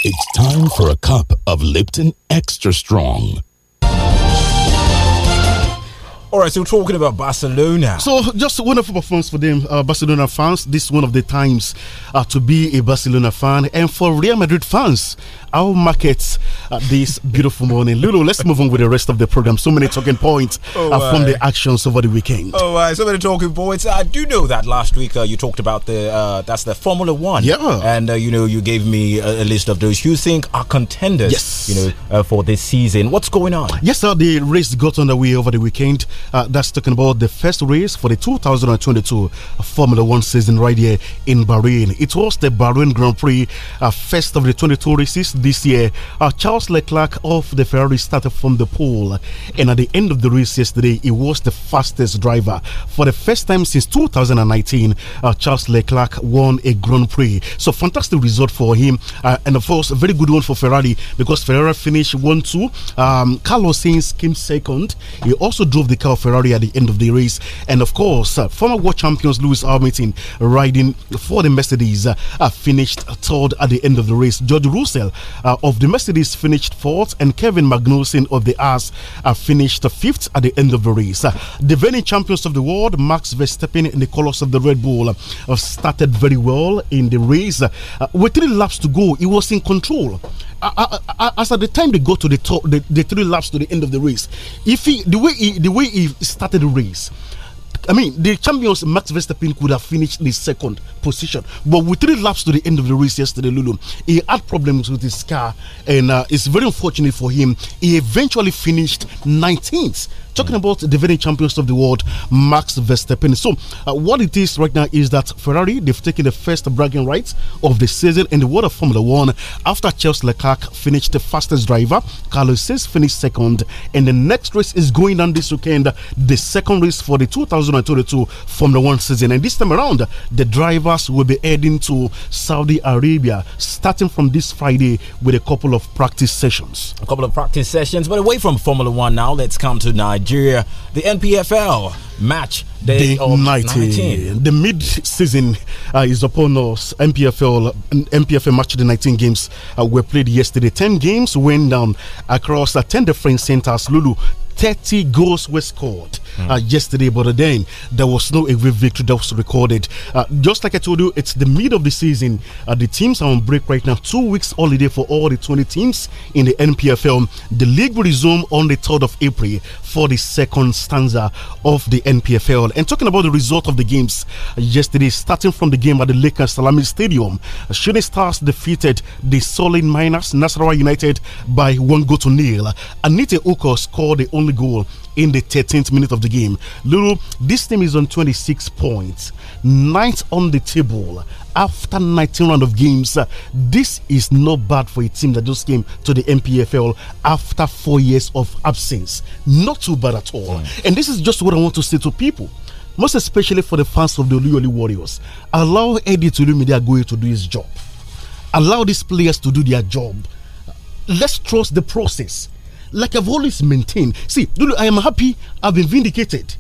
It's time for a cup of Lipton Extra Strong. All right, so we're talking about Barcelona. So just wonderful performance for them, uh, Barcelona fans. This is one of the times uh, to be a Barcelona fan, and for Real Madrid fans, I'll mark it uh, this beautiful morning. Lulu, let's move on with the rest of the program. So many talking points uh, oh, uh, from the actions over the weekend. Oh, uh, so many talking points. I do know that last week uh, you talked about the uh, that's the Formula One. Yeah, and you know you gave me a, a, list of those you think are contenders. Yes, you know for this season. What's going on? Yes, sir. The race got underway over the weekend. Uh, that's talking about the first race for the 2022 Formula One season right here in Bahrain. It was the Bahrain Grand Prix, uh, first of the 22 races this year. Uh, Charles Leclerc of the Ferrari started from the pole, and at the end of the race yesterday, he was the fastest driver. For the first time since 2019, uh, Charles Leclerc won a Grand Prix. So, fantastic result for him, uh, and of course, a very good one for Ferrari because Ferrari finished 1 2. Um, Carlos Sainz came second. He also drove the car Ferrari at the end of the race. And of course, uh, former world champions Lewis Hamilton riding for the Mercedes uh, finished third at the end of the race. George Russell uh, of the Mercedes finished fourth, and Kevin Magnussen of the Haas uh, finished fifth at the end of the race. Uh, the reigning champions of the world, Max Verstappen, in the colours of the Red Bull, started very well in the race. with three laps to go, he was in control as at the time they go to the top, the, the three laps to the end of the race, if he the way he, the way he started the race I mean, the champions Max Verstappen could have finished the second position, but with three laps to the end of the race yesterday, Lulu, he had problems with his car, and uh, it's very unfortunate for him. He eventually finished 19th. Talking about the defending champions of the world, Max Verstappen. So, uh, what it is right now is that Ferrari they've taken the first bragging rights of the season in the world of Formula One after Charles Leclerc finished the fastest driver. Carlos Sainz finished second, and the next race is going on this weekend, the second race for the 2000. 2022 Formula One season. And this time around, the drivers will be heading to Saudi Arabia starting from this Friday with a couple of practice sessions. A couple of practice sessions, but away from Formula One now, let's come to Nigeria. The NPFL match day the 19. The mid-season uh, is upon us. NPFL, NPFL match the 19 games uh, were played yesterday. 10 games went down across uh, 10 different centers. Lulu 30 goals were scored hmm. uh, yesterday, but then there was no away victory that was recorded. Uh, just like I told you, it's the mid of the season. Uh, the teams are on break right now. Two weeks holiday for all the 20 teams in the NPFL. The league will resume on the 3rd of April 42nd stanza of the NPFL. And talking about the result of the games yesterday, starting from the game at the Lakers Salami Stadium, Shooting Stars defeated the Solid Miners, Nasarawa United, by one goal to nil. Anita Oko scored the only goal in the 13th minute of the game. Lulu, this team is on 26 points, ninth on the table, after 19 round of games. Uh, this is not bad for a team that just came to the MPFL after four years of absence. Not too bad at all. Mm. And this is just what I want to say to people most especially for the fans of the Oluyole Warriors, allow Eddie Tulumide Agoye to do his job. Allow these players to do their job. Let's trust the process. Like I've always maintained. See, I am happy I've been vindicated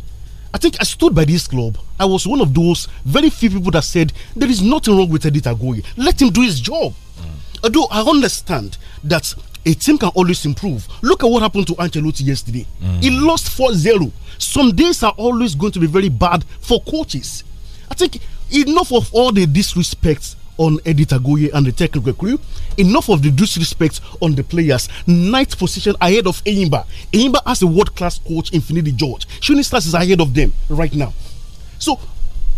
I think I stood by this club. I was one of those very few people that said there is nothing wrong with Edith Agoye. Let him do his job. Mm. Although I understand that a team can always improve. Look at what happened to Ancelotti yesterday. Mm. He lost 4-0. Some days are always going to be very bad for coaches. I think enough of all the disrespect on Eddie Tagoye and the technical crew. Enough of the disrespect on the players. Ninth position ahead of Eimba. Eimba has a world class coach, Infinity George. Shooting Stars is ahead of them right now. So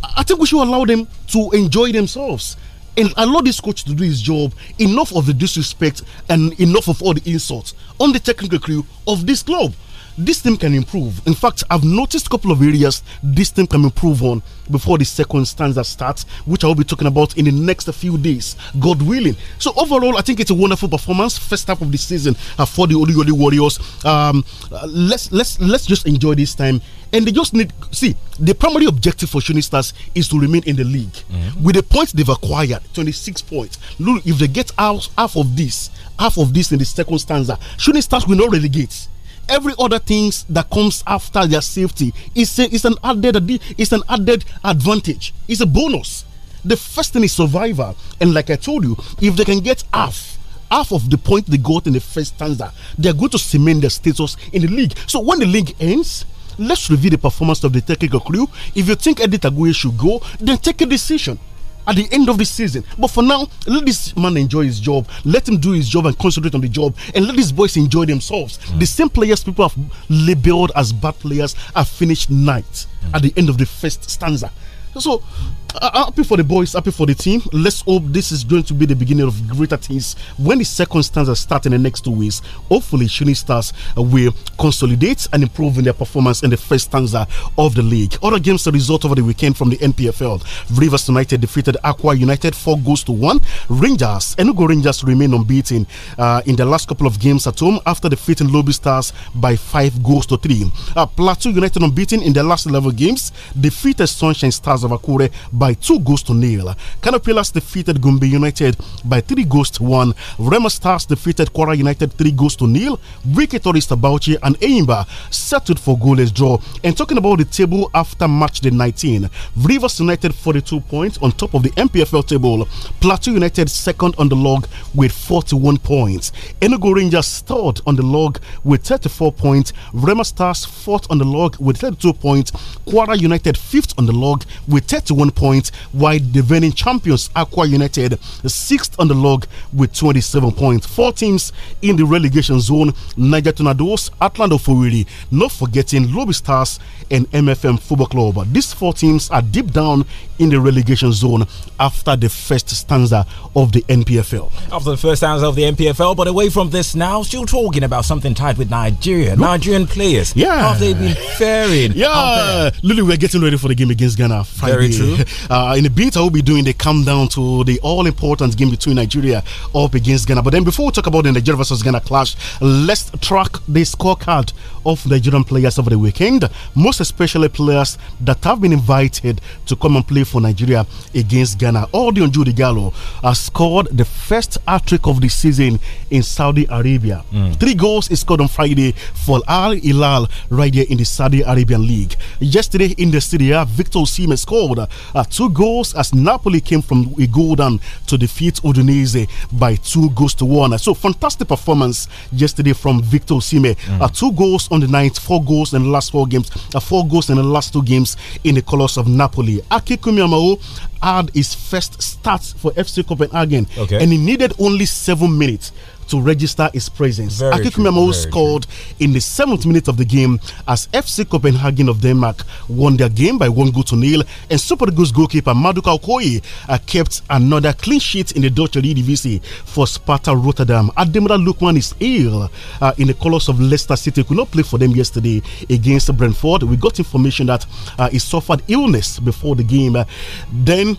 I think we should allow them to enjoy themselves and allow this coach to do his job. Enough of the disrespect and enough of all the insults on the technical crew of this club this team can improve. In fact, I've noticed a couple of areas this team can improve on before the second stanza starts, which I will be talking about in the next few days, God willing. So overall, I think it's a wonderful performance, first half of the season uh, for the Odi Warriors. Um, uh, let's let's let's just enjoy this time, and they just need see the primary objective for Shooting Stars is to remain in the league mm -hmm. with the points they've acquired, twenty six points. Look, if they get out half of this, half of this in the second stanza, Shooting Stars will not relegate every other things that comes after their safety is it's an added it's an added advantage. It's a bonus. The first thing is survival, and like I told you, if they can get half half of the point they got in the first stanza, they're going to cement their status in the league. So when the league ends, let's review the performance of the technical crew. If you think Eddie Taguye should go, then take a decision at the end of the season. But for now, let this man enjoy his job. Let him do his job and concentrate on the job. And let these boys enjoy themselves. Mm. The same players people have labeled as bad players have finished ninth mm. at the end of the first stanza. So uh, happy for the boys, happy for the team. Let's hope this is going to be the beginning of greater things when the circumstances start in the next two weeks. Hopefully, Shooting Stars uh, will consolidate and improve in their performance in the first stanza of the league. Other games, the result over the weekend from the NPFL Rivers United defeated Aqua United four goals to one. Rangers, Enugu Rangers remain unbeaten uh, in the last couple of games at home after defeating Lobby Stars by five goals to three. Uh, Plateau United unbeaten in the last 11 games defeated Sunshine Stars of Akure by by two goals to nil. Canopilas defeated Gumbi United by three goals to one. Rema Stars defeated Quara United three goals to nil. Wiki Torista and Eimba settled for goalless draw. And talking about the table after match day 19, Rivers United 42 points on top of the MPFL table. Plateau United second on the log with 41 points. Enugu Rangers third on the log with 34 points. Rema Stars fourth on the log with 32 points. Quara United fifth on the log with 31 points points, while the reigning champions, Aqua United, sixth on the log with 27 points. Four teams in the relegation zone Niger Tornadoes, Atlanta Fury, not forgetting Lobby Stars and MFM Football Club. These four teams are deep down in the relegation zone after the first stanza of the NPFL. After the first stanza of the NPFL, but away from this now, still talking about something tied with Nigeria. Nigerian players. Yeah. have they been faring? Yeah. Lily, we're getting ready for the game against Ghana Friday. Very true. Uh, in a bit, I will be doing the countdown to the all important game between Nigeria up against Ghana. But then, before we talk about the Nigeria versus Ghana clash, let's track the scorecard of Nigerian players over the weekend, most especially players that have been invited to come and play for Nigeria against Ghana. Odion Judy Gallo has scored the first hat trick of the season in Saudi Arabia. Mm. Three goals is scored on Friday for Al Hilal right here in the Saudi Arabian League. Yesterday in the Serie Victor Osimhen scored uh, two goals as Napoli came from a goal down to defeat Udinese by two goals to one. So fantastic performance yesterday from Victor Sime. Mm. Uh, two goals on the ninth, four goals in the last four games, uh, four goals in the last two games in the colours of Napoli. Akikumi Amao had his first start for FC Copenhagen, okay. and he needed only seven minutes to register his presence. Akikumemo scored true. in the seventh minute of the game as FC Copenhagen of Denmark won their game by one goal to nil, and Super Eagles goalkeeper Maduka Okoye uh, kept another clean sheet in the Dutch Eredivisie for Sparta Rotterdam. Ademola Lukman is ill uh, in the colours of Leicester City. Could not play for them yesterday against Brentford. We got information that uh, he suffered illness before the game. Uh, then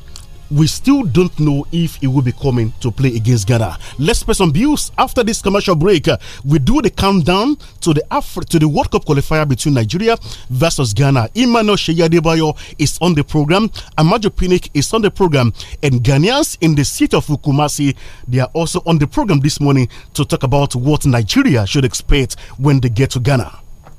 we still don't know if he will be coming to play against Ghana. Let's pay some bills after this commercial break. Uh, we do the countdown to the Afri to the World Cup qualifier between Nigeria versus Ghana. Emmanuel Sheyadebayo is on the program. Amadio Pinnick is on the program, and Ghanaians in the city of Kumasi they are also on the program this morning to talk about what Nigeria should expect when they get to Ghana.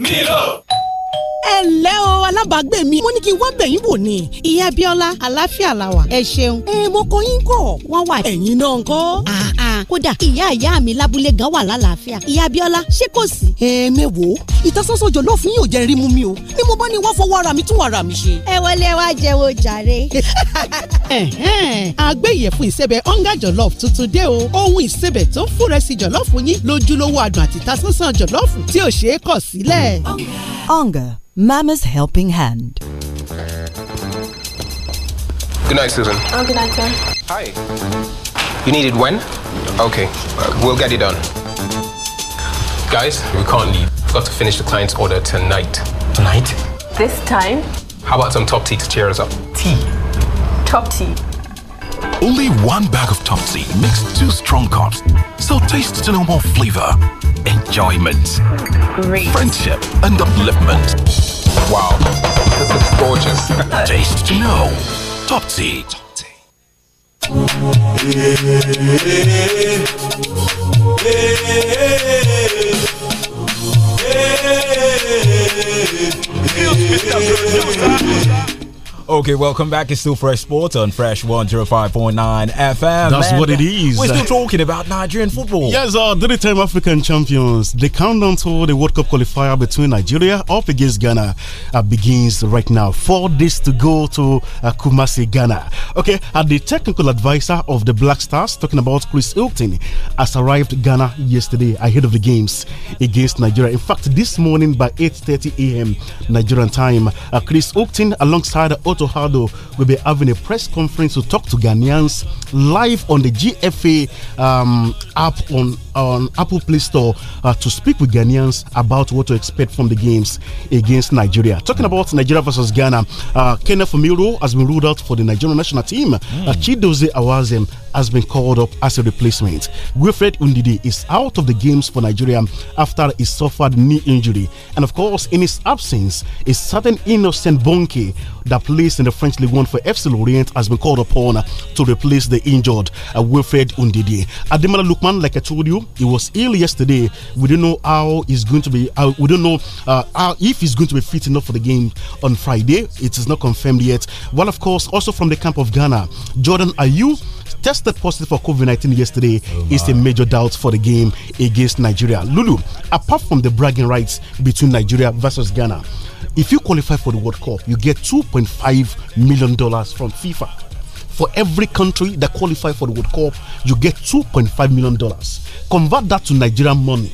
Milo! ẹ ǹlẹ́ o alábàágbé mi mo ní kí n wá bẹ̀yìn wò ni ìyá Abíọ́lá àlàáfíà la wà ẹ ṣeun ẹ mo kọ yín kọ wọ́n wà ẹ̀yin náà ń kọ́. kódà ìyá ìyá mi lábúlé gan wà lálàáfíà ìyá Abíọ́lá ṣé kò sí. ẹ mẹ́wòó ìtasọ́sọ́ jọ̀lọ́ọ̀fù yóò jẹ́ rímú mi o ni mo bá ní wá fọwọ́ ara mi tún ara mi ṣe. ẹ wọlé ẹ wá jẹ wo jàre. àgbẹ̀ ìyẹ̀fun ìsẹ̀bẹ̀ ọ̀ngá jọ̀lọ́ọ̀fù tuntun dé o ohun ìsẹ̀bẹ̀ tó ń fúnrẹ́sì jọ̀lọ́ọ̀fù yín lójúlówó adùn àti ìtasọ́sọ́ jọ̀lọ́ọ̀fù tí ò ṣeé kọ̀ sílẹ̀. ọ̀ngá Mama's Helping Hand. Good night, Susan. Oh, good night, sir. Hi. You needed when? Okay, we'll get it done. Guys, we can't leave. We've got to finish the client's order tonight. Tonight? This time? How about some top tea to cheer us up? Tea. Top tea. Only one bag of Topsy makes two strong cups. So taste to know more flavor, enjoyment, Great. friendship, and upliftment. Wow, this is gorgeous. taste to know Topsy. Topsy. Okay, welcome back. It's still Fresh Sports on Fresh 105.9 FM. That's and what it uh, is. We're still talking about Nigerian football. Yes, uh, the time African champions. The countdown to the World Cup qualifier between Nigeria up against Ghana uh, begins right now. Four days to go to uh, Kumasi, Ghana. Okay, uh, the technical advisor of the Black Stars, talking about Chris Hilton, has arrived Ghana yesterday ahead of the games against Nigeria. In fact, this morning by 8.30 a.m. Nigerian time, uh, Chris Hilton alongside Mato Hado will be having a press conference to talk to Ghanaians live on the GFA um, app on, on Apple Play Store uh, to speak with Ghanaians about what to expect from the games against Nigeria. Talking about Nigeria versus Ghana, uh, Kenneth Omiro has been ruled out for the Nigerian national team. Mm. Uh, Chidoze Awazem has been called up as a replacement. Wilfred Undidi is out of the games for Nigeria after he suffered knee injury. And of course, in his absence, a certain innocent Bonke that plays in the French League One for FC Lorient has been called upon to replace the injured uh, Wilfred Undidi. Ademola Lukman, like I told you, he was ill yesterday. We don't know how he's going to be. Uh, we don't know uh, how, if he's going to be fit enough for the game on Friday. It is not confirmed yet. Well, of course, also from the camp of Ghana, Jordan you testing? tested positive for COVID 19 yesterday oh is a major doubt for the game against Nigeria. Lulu, apart from the bragging rights between Nigeria versus Ghana, if you qualify for the World Cup, you get $2.5 million from FIFA for every country that qualify for the World Cup, you get $2.5 million. Convert that to Nigerian money.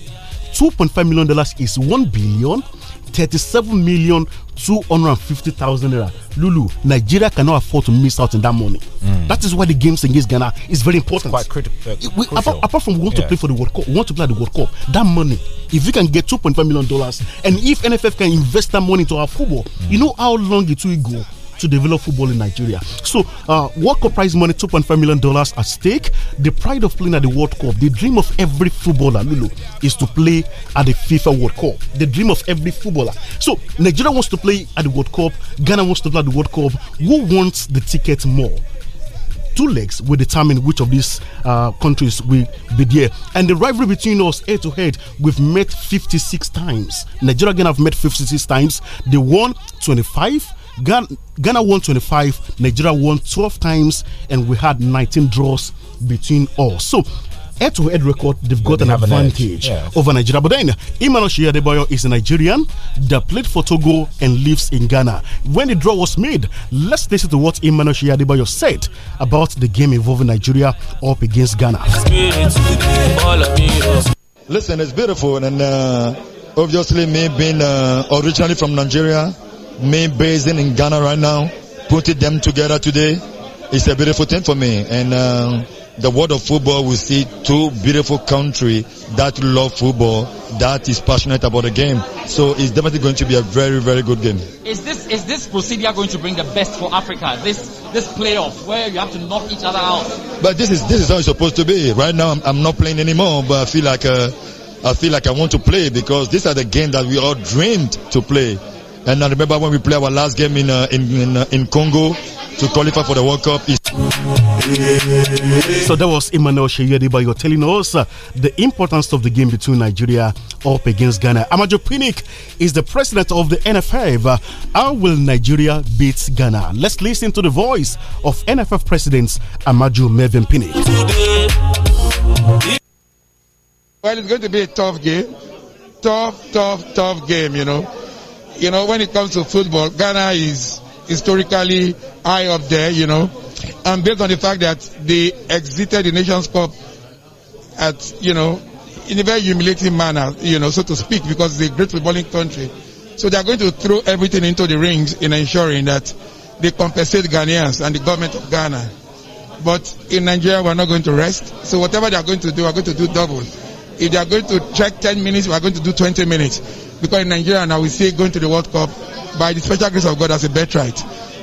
$2.5 million is 1 billion, 37 million 250,000 naira. Lulu, Nigeria cannot afford to miss out in that money. Mm. That is why the games against Ghana is very important. It's quite uh, we, apart, apart, from we want yeah. to play for the World Cup, we want to play the World Cup. That money, if we can get 2.5 million dollars, and if NFF can invest that money into our football, mm. you know how long it will go to develop football in Nigeria. So, uh, World Cup prize money, $2.5 million at stake. The pride of playing at the World Cup, the dream of every footballer, Lulu, is to play at the FIFA World Cup. The dream of every footballer. So, Nigeria wants to play at the World Cup, Ghana wants to play at the World Cup. Who wants the ticket more? two legs will determine which of these uh, countries will be there. And the rivalry between us, head to head, we've met 56 times. Nigeria again have met 56 times. They won 25 Ghana, Ghana won 25, Nigeria won 12 times, and we had 19 draws between us. So head-to-head record, they've got they an advantage an yeah. over Nigeria. But then, Emmanuel Shiadebayo is a Nigerian that played for Togo and lives in Ghana. When the draw was made, let's listen to what Emmanuel Shiadebayo said about the game involving Nigeria up against Ghana. Listen, it's beautiful, and uh, obviously me being uh, originally from Nigeria, main basin in Ghana right now, putting them together today, it's a beautiful thing for me. And uh, the world of football will see two beautiful countries that love football, that is passionate about the game. So it's definitely going to be a very, very good game. Is this is this procedure going to bring the best for Africa? This this playoff where you have to knock each other out. But this is this is how it's supposed to be. Right now, I'm, I'm not playing anymore, but I feel like. Uh, I feel like I want to play because these are the games that we all dreamed to play. And I remember when we played our last game in uh, in in, uh, in, Congo to qualify for the World Cup. So that was Emmanuel but You're telling us uh, the importance of the game between Nigeria up against Ghana. Amajo Pinnick is the president of the NFF. Uh, how will Nigeria beat Ghana? Let's listen to the voice of NFF president Amajo Mervin Pinnick. Well, it's going to be a tough game. Tough, tough, tough game, you know you know, when it comes to football, Ghana is historically high up there, you know, and based on the fact that they exited the Nations Cup at, you know, in a very humiliating manner, you know, so to speak, because it's a great footballing country. So they are going to throw everything into the rings in ensuring that they compensate Ghanaians and the government of Ghana. But in Nigeria, we're not going to rest. So whatever they are going to do, we're going to do double. If they are going to check 10 minutes, we are going to do 20 minutes. Because in Nigeria now we see going to the World Cup by the special grace of God as a birthright.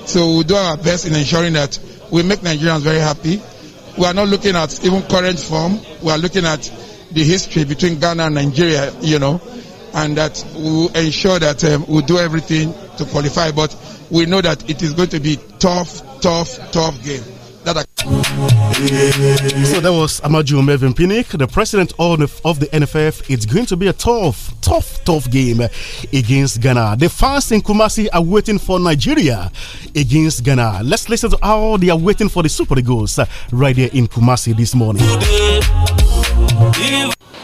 So we do our best in ensuring that we make Nigerians very happy. We are not looking at even current form. We are looking at the history between Ghana and Nigeria, you know, and that we will ensure that um, we we'll do everything to qualify. But we know that it is going to be tough, tough, tough game. That. So that was Amaju Melvin Pinnick, the president of the, of the NFF. It's going to be a tough, tough, tough game against Ghana. The fans in Kumasi are waiting for Nigeria against Ghana. Let's listen to how they are waiting for the Super Eagles right there in Kumasi this morning.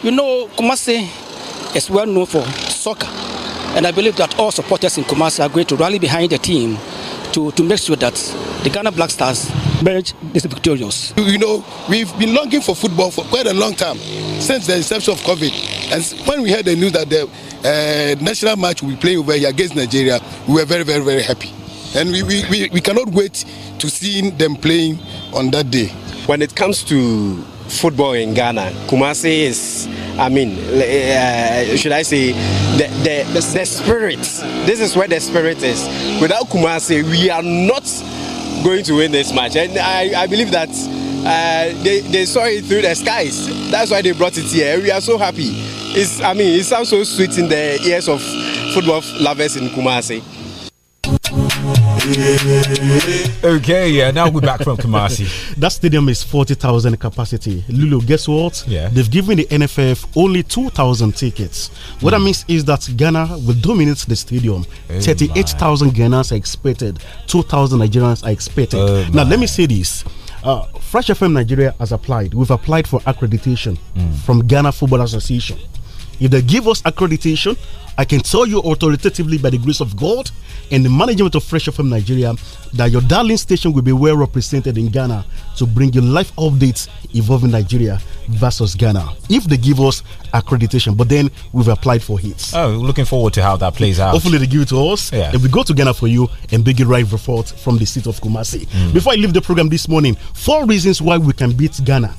You know, Kumasi is well known for soccer and I believe that all supporters in Kumasi are going to rally behind the team to, to make sure that the Ghana Black Stars merge is victorious. You know, we've been longing for football for quite a long time, since the inception of COVID. And when we heard the news that the uh, national match will be playing over here against Nigeria, we were very, very, very happy. And we, we, we, we cannot wait to see them playing on that day. When it comes to football in Ghana. Kumasi is, I mean, uh, should I say, the, the, the, spirit. This is where the spirit is. Without Kumasi, we are not going to win this match. And I, I believe that uh, they, they saw it through the skies. That's why they brought it here. We are so happy. It's, I mean, it sounds so sweet in the ears of football lovers in Kumasi. okay, yeah. Now we're back from Kumasi. that stadium is forty thousand capacity. Lulu, guess what? Yeah. They've given the NFF only two thousand tickets. What mm. that hmm. means is that Ghana will dominate the stadium. Oh Thirty-eight thousand Ghanas are expected. Two thousand Nigerians are expected. Oh now let me say this. Uh, Fresh FM Nigeria has applied. We've applied for accreditation mm. from Ghana Football Association. If they give us accreditation, I can tell you authoritatively by the grace of God and the management of Fresh FM Nigeria that your darling station will be well represented in Ghana to bring you life updates involving Nigeria versus Ghana if they give us accreditation. But then we've applied for it. Oh, looking forward to how that plays out. Hopefully they give it to us yeah. and we go to Ghana for you and bring it right report from the seat of Kumasi. Mm. Before I leave the program this morning, four reasons why we can beat Ghana.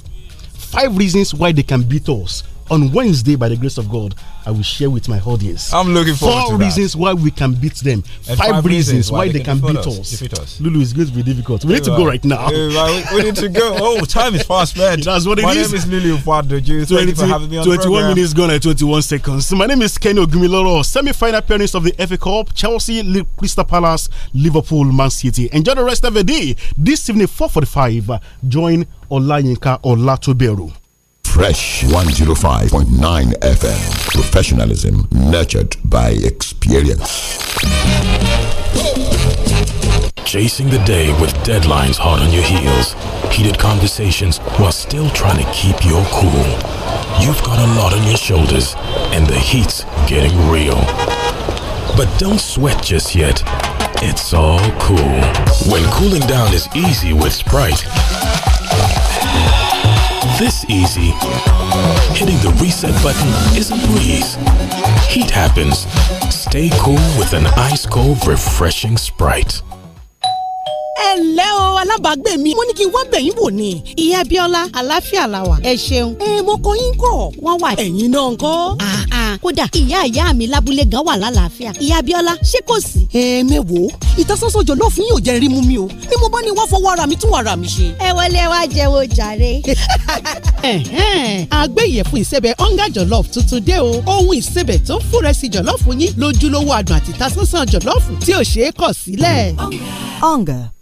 Five reasons why they can beat us on Wednesday, by the grace of God, I will share with my audience. I'm looking forward Four reasons that. why we can beat them. Five, five, reasons why, they, they can, can beat, us. us. us. Lulu, it's going to be difficult. We hey, need to go right now. Hey, we need to go. Oh, time is fast That's what it my is. my name is Lulu Fadoju. Thank you for having me on 21 minutes gone and 21 seconds. My name is Kenny Ogumiloro. Semi-final appearance of the FA Cup. Chelsea, Crystal Palace, Liverpool, Man City. Enjoy the rest of the day. This evening, 4.45, join Olayinka Olatoberu. Fresh 105.9 FM. Professionalism nurtured by experience. Chasing the day with deadlines hot on your heels, heated conversations while still trying to keep your cool. You've got a lot on your shoulders, and the heat's getting real. But don't sweat just yet. It's all cool. When cooling down is easy with Sprite, this easy. Hitting the reset button is a breeze. Heat happens. Stay cool with an ice cold, refreshing Sprite. ẹ ǹlẹ́ o alábàágbé mi mo ní kí n wá bẹ̀yìn wò ni. ìyá Bíọ́lá àlàáfíà la wà. ẹ ṣeun ẹ mo kọ yín kọ wọ́n wà ẹ̀yìn náà ńkọ́. kódà ìyá ìyá mi lábúlé gan wà lálàáfíà ìyá Bíọ́lá ṣé kò sí. ẹ mẹ́wòó ìtasọ́sọ́ jọ̀lọ́ fún yóò jẹ́ rímú mi o ni mo bá ní wá fọwọ́ ara mi tún ara mi ṣe. ẹ wọlé wá jẹun jàre. àgbẹ̀yẹ̀fun ìsẹ̀bẹ̀ ọ̀ngá jọ̀lọ́f tuntun dé o ohun ìsẹ̀bẹ̀ tó ń fúnrẹ́sì jọ̀lọ́fù yín lójúlówó adùn àti ìtasọ́sọ́ jọ̀lọ́fù tí ò ṣeé kọ̀ sílẹ̀. ọ̀ngá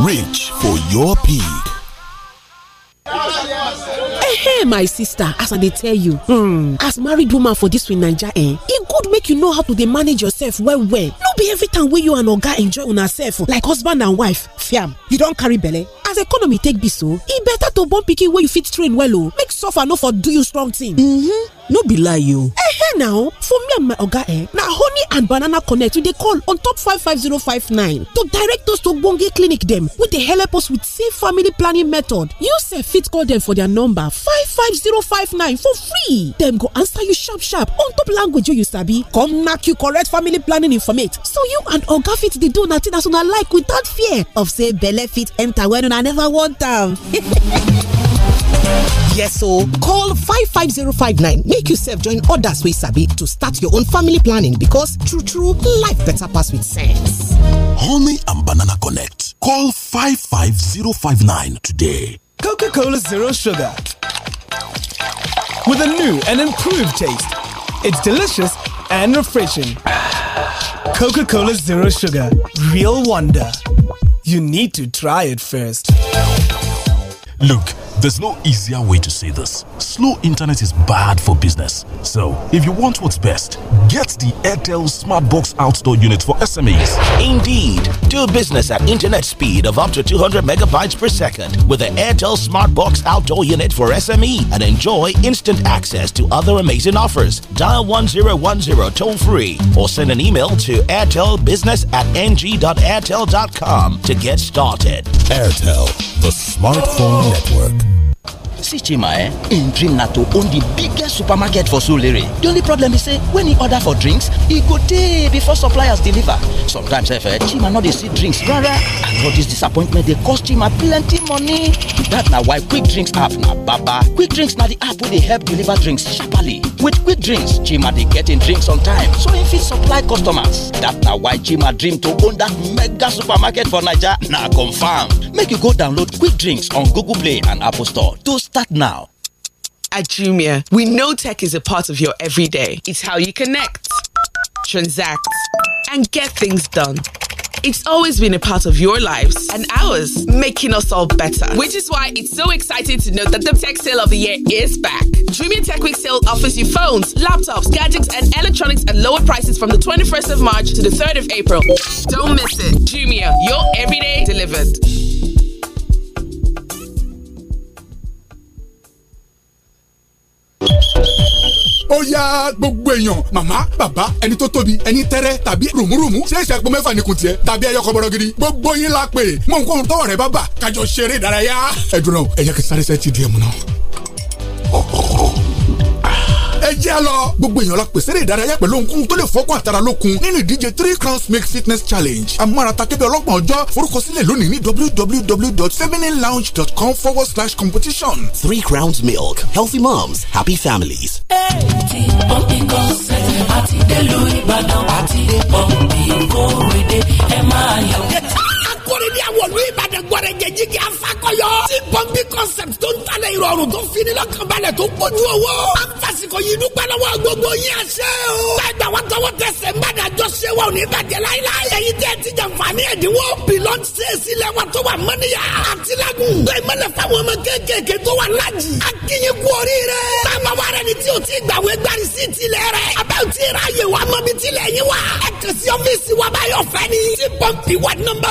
reach for your pig. Hey, my sister as i dey tell you hmm as married woman for dis naija eh e good make you know how to dey manage yourself well well no be every time wey you and oga enjoy una sef like husband and wife fiam you don carry belle as economy take be so e better to born pikin wey you fit train well o make suffer no for do you strong thing. Mm-hmm. no be lie o. ehe na for me and my oga eh na honey and banana connect we dey call on top five five zero five nine to direct us to ogbonge clinic dem wey dey help us with safe family planning method you sef fit call dem for their number five five zero five nine for free dem go answer you sharp sharp on top language wey you sabi come knack you correct family planning informate so you and oga fit dey do una thing as una like without fear of say belle fit enter when una never want them. Yes, so call 55059. Make yourself join others with Sabi to start your own family planning because true, true, life better pass with sense. Honey and Banana Connect. Call 55059 today. Coca Cola Zero Sugar. With a new and improved taste, it's delicious and refreshing. Coca Cola Zero Sugar. Real wonder you need to try it first. Look, there's no easier way to say this. Slow internet is bad for business. So, if you want what's best, get the Airtel Smartbox outdoor unit for SMEs. Indeed, do business at internet speed of up to 200 megabytes per second with the Airtel Smartbox outdoor unit for SME and enjoy instant access to other amazing offers. Dial 1010 toll free or send an email to airtelbusiness at ng.airtel.com to get started. Airtel, the smartphone network. See Chima, eh? In dream na to own the biggest supermarket for Sulere. The only problem is say eh, when he order for drinks, he go day before suppliers deliver. Sometimes eh, eh Chima not dey see drinks rara and all this disappointment They cost Chima plenty money. That na why Quick Drinks app na baba. Quick Drinks na the app wey dey help deliver drinks sharply. With Quick Drinks, Chima dey get im drinks on time so if fit supply customers. That na why Chima dream to own that mega supermarket for Naija na confirm. Make you go download Quick Drinks on Google Play and Apple Store to Start now. At Jumia, we know tech is a part of your everyday. It's how you connect, transact, and get things done. It's always been a part of your lives and ours, making us all better. Which is why it's so exciting to note that the tech sale of the year is back. Jumia Tech Week sale offers you phones, laptops, gadgets, and electronics at lower prices from the 21st of March to the 3rd of April. Don't miss it. Jumia, your everyday delivered. ó yá gbogbo èèyàn màmá bàbá ẹni tó tóbi ẹni tẹ́rẹ́ tàbí rùmùrùmù ṣéèṣì àpò mẹ́fà nìkun tiẹ̀ tàbí ẹyọ kọbọrọ gidi gbogbo yín la pè mọ nǹkan tọwọ́ rẹ bá bà kájọ ṣeré ìdárayá. ẹ dùn náà ẹ yẹ kí sáré sẹ́ẹ̀ ti náà ẹ jẹ́ a lọ. gbogbo èèyàn la pèsè eré ìdárayá pẹ̀lú ohunkóhun tó lè fọ́kàn àtàrà lókun nínú ìdíje three crowns make fitness challenge amárata kébé ọlọ́gbọ̀n ọjọ́ forúkọsílẹ̀ lónìí ní www.femininelounge.com forward slash competition. three crowns milk healthy moms happy families. ti pọ́ǹpì kọ́sẹ̀ àti délùú ìbàdàn àti pọ́ǹpì kórèdé ẹ máa yọ̀. Àlàáfíà wọ̀lú Ìbàdàn gbọ̀rẹ̀jẹ̀ jíjẹ afakọyọ. Tí pọ́ńpì concept tó ń talẹ̀ ìrọ̀rùn tó fini lọ́kànbalẹ̀ tó kojú owó. An tàsìkò yìí dúpẹ́ lọ́wọ́ gbogbo yín àṣẹ o. Gbàgbà wọn tọwọ́ tẹsẹ̀ ń bàdà jọ ṣé wa ò ní bàjẹ́ láíláí. Ẹyin tẹ́ ti jàǹfààní ẹ̀dínwó. Bilọ́n ṣe é sílẹ̀ wa tó wà mọ́níyà. Àtìlágùn. Gbé mọ́lẹ̀ fáwọn ọmọ kéékèèké tó wà lájì. A kì í kú oríire. Táàmù wa rẹ̀ ni tí o ti gbàwé gbàrí sí tilẹ̀ rẹ̀. Abẹ́ ò ti ra yè wa mọ́ bí tilẹ̀ yín wa. Ẹ kàn sí ọ́fíìsì wa báyọ̀ fẹ́ ni. Tí pọ́ǹpì wà nọ́mbà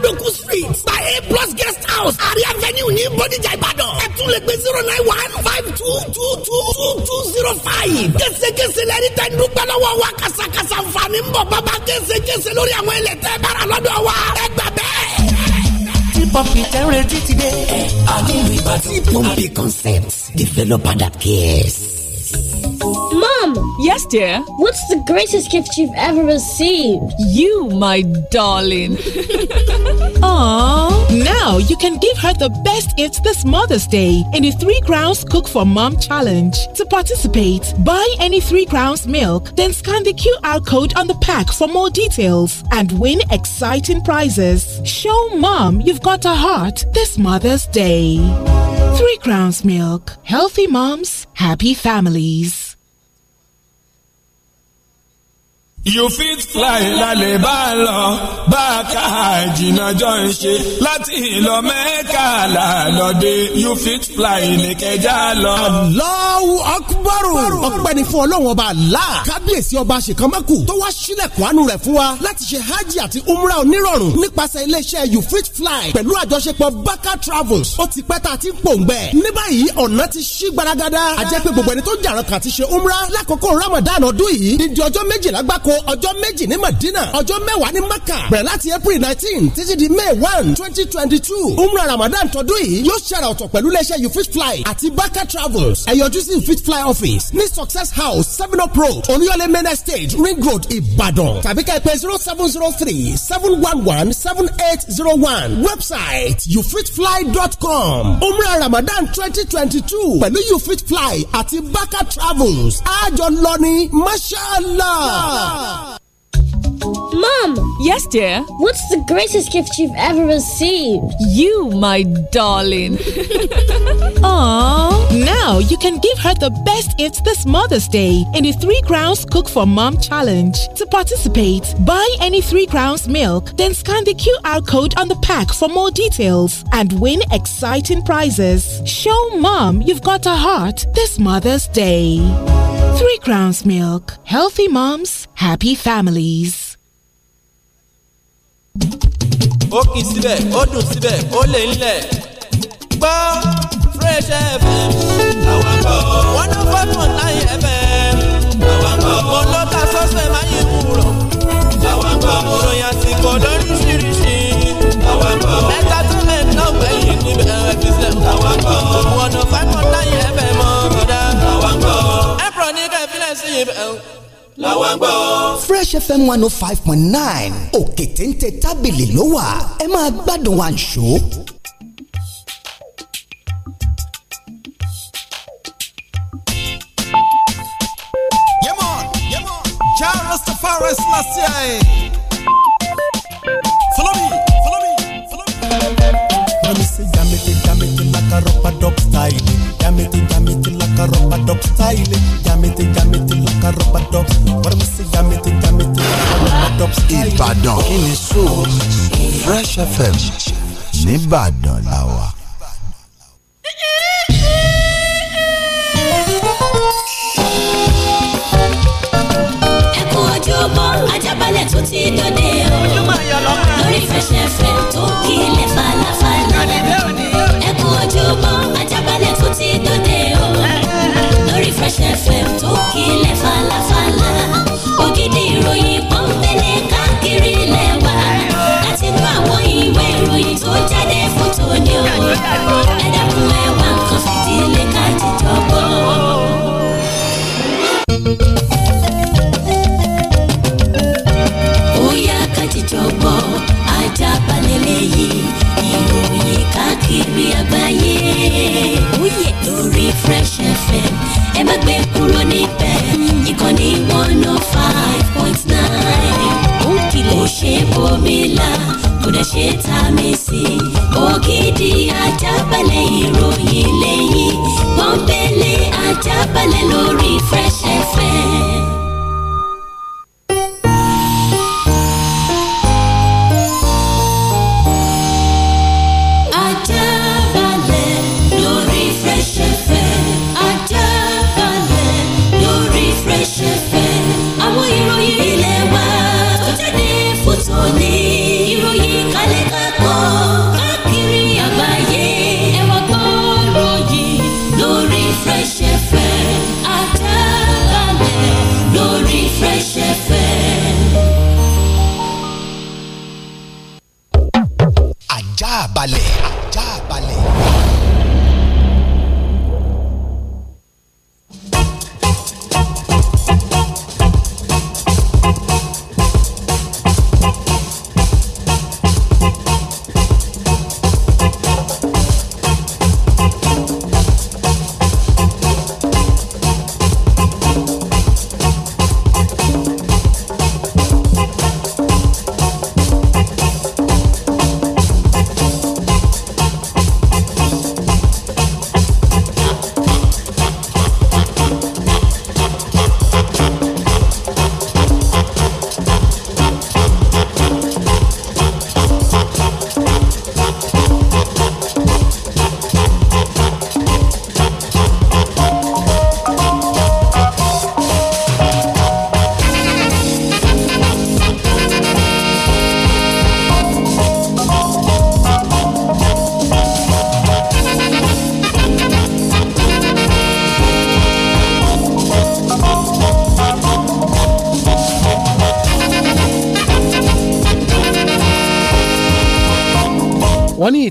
Ladoku street by A plus guest house àrí avenue ní Bódìjà Ìbàdàn. Ẹ tún lè gbé zero nine one five two two two two two zero five. Késekése lẹ́ni tẹ́ ń dúpẹ́ lọ́wọ́ wa kàṣàkàṣà nfààní ń bọ̀ bàbá késekése lórí àwọn ilẹ̀ tẹ́ bára lọ́dọ̀ wa. Ẹ gbà bẹ́ẹ̀ pọ́ǹpì tẹ́rẹ̀ títí dé. ẹ a nílùú Ìbàdàn. tí developer that cares. Mom! Yes, dear? What's the greatest gift you've ever received? You, my darling. Aww. Now you can give her the best gift this Mother's Day in the Three Crowns Cook for Mom Challenge. To participate, buy any Three Crowns milk, then scan the QR code on the pack for more details and win exciting prizes. Show Mom you've got a heart this Mother's Day. Three Crowns Milk. Healthy moms, happy families. you fit fly lálẹ́ bá a lọ bá a ká àjìnà jọ ń ṣe láti ìlọ mẹ́ka làlọ́dẹ you fit fly nìkẹ́jà lọ. Allahu Akbar ọpẹ́ ni fún ọlọ́run ọba Allah kábíyèsí ọba àṣekánmọ́kù tó wá sílẹ̀kùn àánú rẹ̀ fún wa láti ṣe hajj àti umrah onírọ̀rùn nípasẹ̀ iléeṣẹ́ you fit fly pẹ̀lú àjọṣepọ̀ baka travels ó ti pẹ́ tá a ti ń pòǹgbẹ́ ní báyìí ọ̀nà ti ṣí gbaragada àjẹpẹ́ gbogbo ẹni tó jàrán Ramadan ọdún yìí ní di ọjọ́ méjìlá gbáko ọjọ́ méjì ní Madina ọjọ́ mẹ́wàá ní Maka bẹ̀rẹ̀ láti April nineteen títí di May one twenty twenty two umrah Ramadan tọdún yìí yóò ṣẹ̀rà ọ̀tọ̀ pẹ̀lú iléeṣẹ́ you fit fly àti Baka travels ẹ̀yọjú sí you fit fly office ní Success House seven up road Olúyọ̀lé main stage, Ring Road Ìbàdàn tàbí ká ẹ pè zero seven zero three seven one one seven eight zero one website youfitfly.com umrah Ramadan twenty twenty two pẹ̀lú you fit fly àti Baka travels àjọ lọ ní mashallah. Now. Mom! Yes, dear? What's the greatest gift you've ever received? You, my darling. Aww. Now you can give her the best gift this Mother's Day in the Three Crowns Cook for Mom Challenge. To participate, buy any Three Crowns milk, then scan the QR code on the pack for more details and win exciting prizes. Show Mom you've got a heart this Mother's Day. Three Crowns Milk. Healthy moms, happy families. ó kì í síbẹ̀ ó dùn síbẹ̀ ó lè ń lẹ̀ gbọ́ fresh fm àwọn kọ́ one oh five point nine fm àwọn kọ́ mo lọ ta sọ́sẹ̀ máa yẹ kúrọ̀ àwọn kọ́ mo ròyìn àsìkò lóríṣiríṣi àwọn kọ́ mẹ́ta tún lè ná gbẹ̀yìn níbẹ̀ ẹ̀ fi sẹ́ àwọn kọ́ one oh five point nine fm ọ̀dà àwọn kọ́ ẹ̀pọ̀ ní kẹ́fílẹ̀ sí ibẹ̀. gbọ́. fresh fm one oh five point nine òkè téńté tábìlì ló wà ẹ máa gbádùn àǹṣó. Follow me, follow me, follow me. tell me say jam it, jam it like a rubber duck style. Jam it, jam it like a rubber duck style. Jam it, jam it like a rubber duck. What me say jam it, jam it like a rubber duck style. ni so Fresh FM nìbàdàn làwà. rẹ̀ tún ti dòde o. lórí fẹsẹ̀fẹ̀ tó kílẹ̀ falafala. ẹ kú ojúmọ́ ajábalẹ̀ tún ti dòde o. lórí fẹsẹ̀fẹ̀ tó kílẹ̀ falafala. ògidì ìròyìn pọ́npẹ́lẹ́ káàkiri lẹ̀.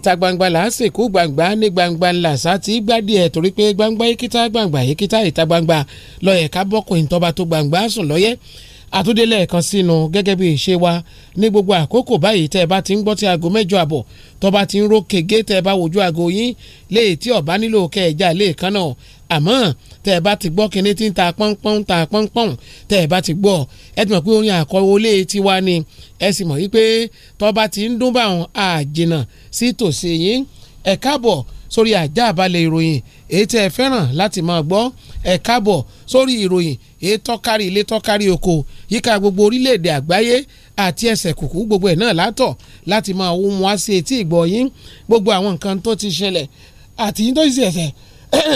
níta gbangba làásìkò gbangba ní gbangba làṣà tí gbádìí ẹ̀ torí pé gbangba ekita gbangba ekita ìta gbangba lọ́yẹ̀ ká bọ́kùnrin tọ́ba tó gbangba sùn lọ́yẹ̀ àtúndélẹ̀ kan sínú gẹ́gẹ́ bí ìṣe wa ní gbogbo àkókò báyìí tẹ́ ẹ bá ti ń gbọ́ tí aago mẹ́jọ àbọ̀ tọ́ba ti ń ro kege tẹ́ ẹ bá wojú aago yín léè tí ọ̀bá nílò kẹ́ ẹ̀ já lè kan náà àmọ́ tẹ́ ẹ bá ti gbọ́ kinní tí ń ta pọ́npọ́n ta pọ́npọ́n tẹ́ ẹ bá ti gbọ́ ẹ ti mọ̀ pé orin àkọwọlé tiwa ni ẹ sì mọ̀ wípé tọ́ba ti ń dún báwọn àjìnà sí tòsí yín ẹ káàbọ̀ sórí àjà àbálẹ̀ ìròyìn èyí tẹ́ ẹ fẹ́ràn láti máa gbọ́ ẹ káàbọ̀ sórí ìròyìn èyí tọ́kárí ilé tọ́kárí oko yíká gbogbo orílẹ̀-èdè àgbáyé àti ẹsẹ̀ kùkú gbogbo ẹ̀ náà látọ̀ láti máa wọ́n wá sí etí ìgbọ́ yín gbogbo àwọn nǹkan tó ti ṣẹlẹ̀ àti yín tó ti ṣẹ̀ṣẹ̀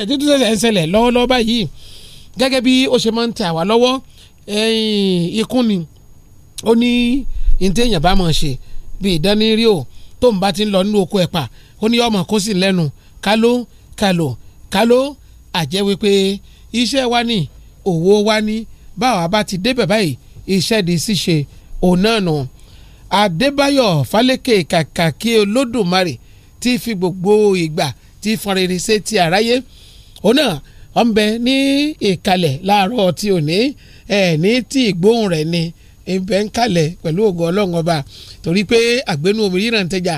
títún ṣẹ̀ṣẹ̀ ń ṣẹlẹ̀ lọ́wọ́lọ́wọ́ báyìí gẹ́gẹ́ bí ó ṣe máa ń tẹ àwa lọ́wọ́ ikún ni ó ní ìtẹ̀yìn bá máa ṣe bí ìdánirí o tó ń bá ti ń lọ nínú oko ẹ̀pà ó ní ọmọ kó sì lẹ́nu káló káló káló àjẹ́ wípé iṣẹ́ wa ni òwò wa ni báwa bá ti débẹ̀ báyìí iṣẹ́ di ṣíṣe òun náà nù Adébáyọ̀ Fálékè kàkà kí Olódùmarè ti fi gbogbo ìgbà ti fọn rere ṣe ti àráyé òun náà wọ́n bẹ ní ìkàlẹ̀ láàárọ̀ tí ò ní ẹ̀ ní tí ìgbóhùn rẹ̀ ni ìbẹ̀ ń kàlẹ̀ pẹ̀lú ògo ọlọ́run ọba torí pé àgbẹ̀nu omi ríran tẹja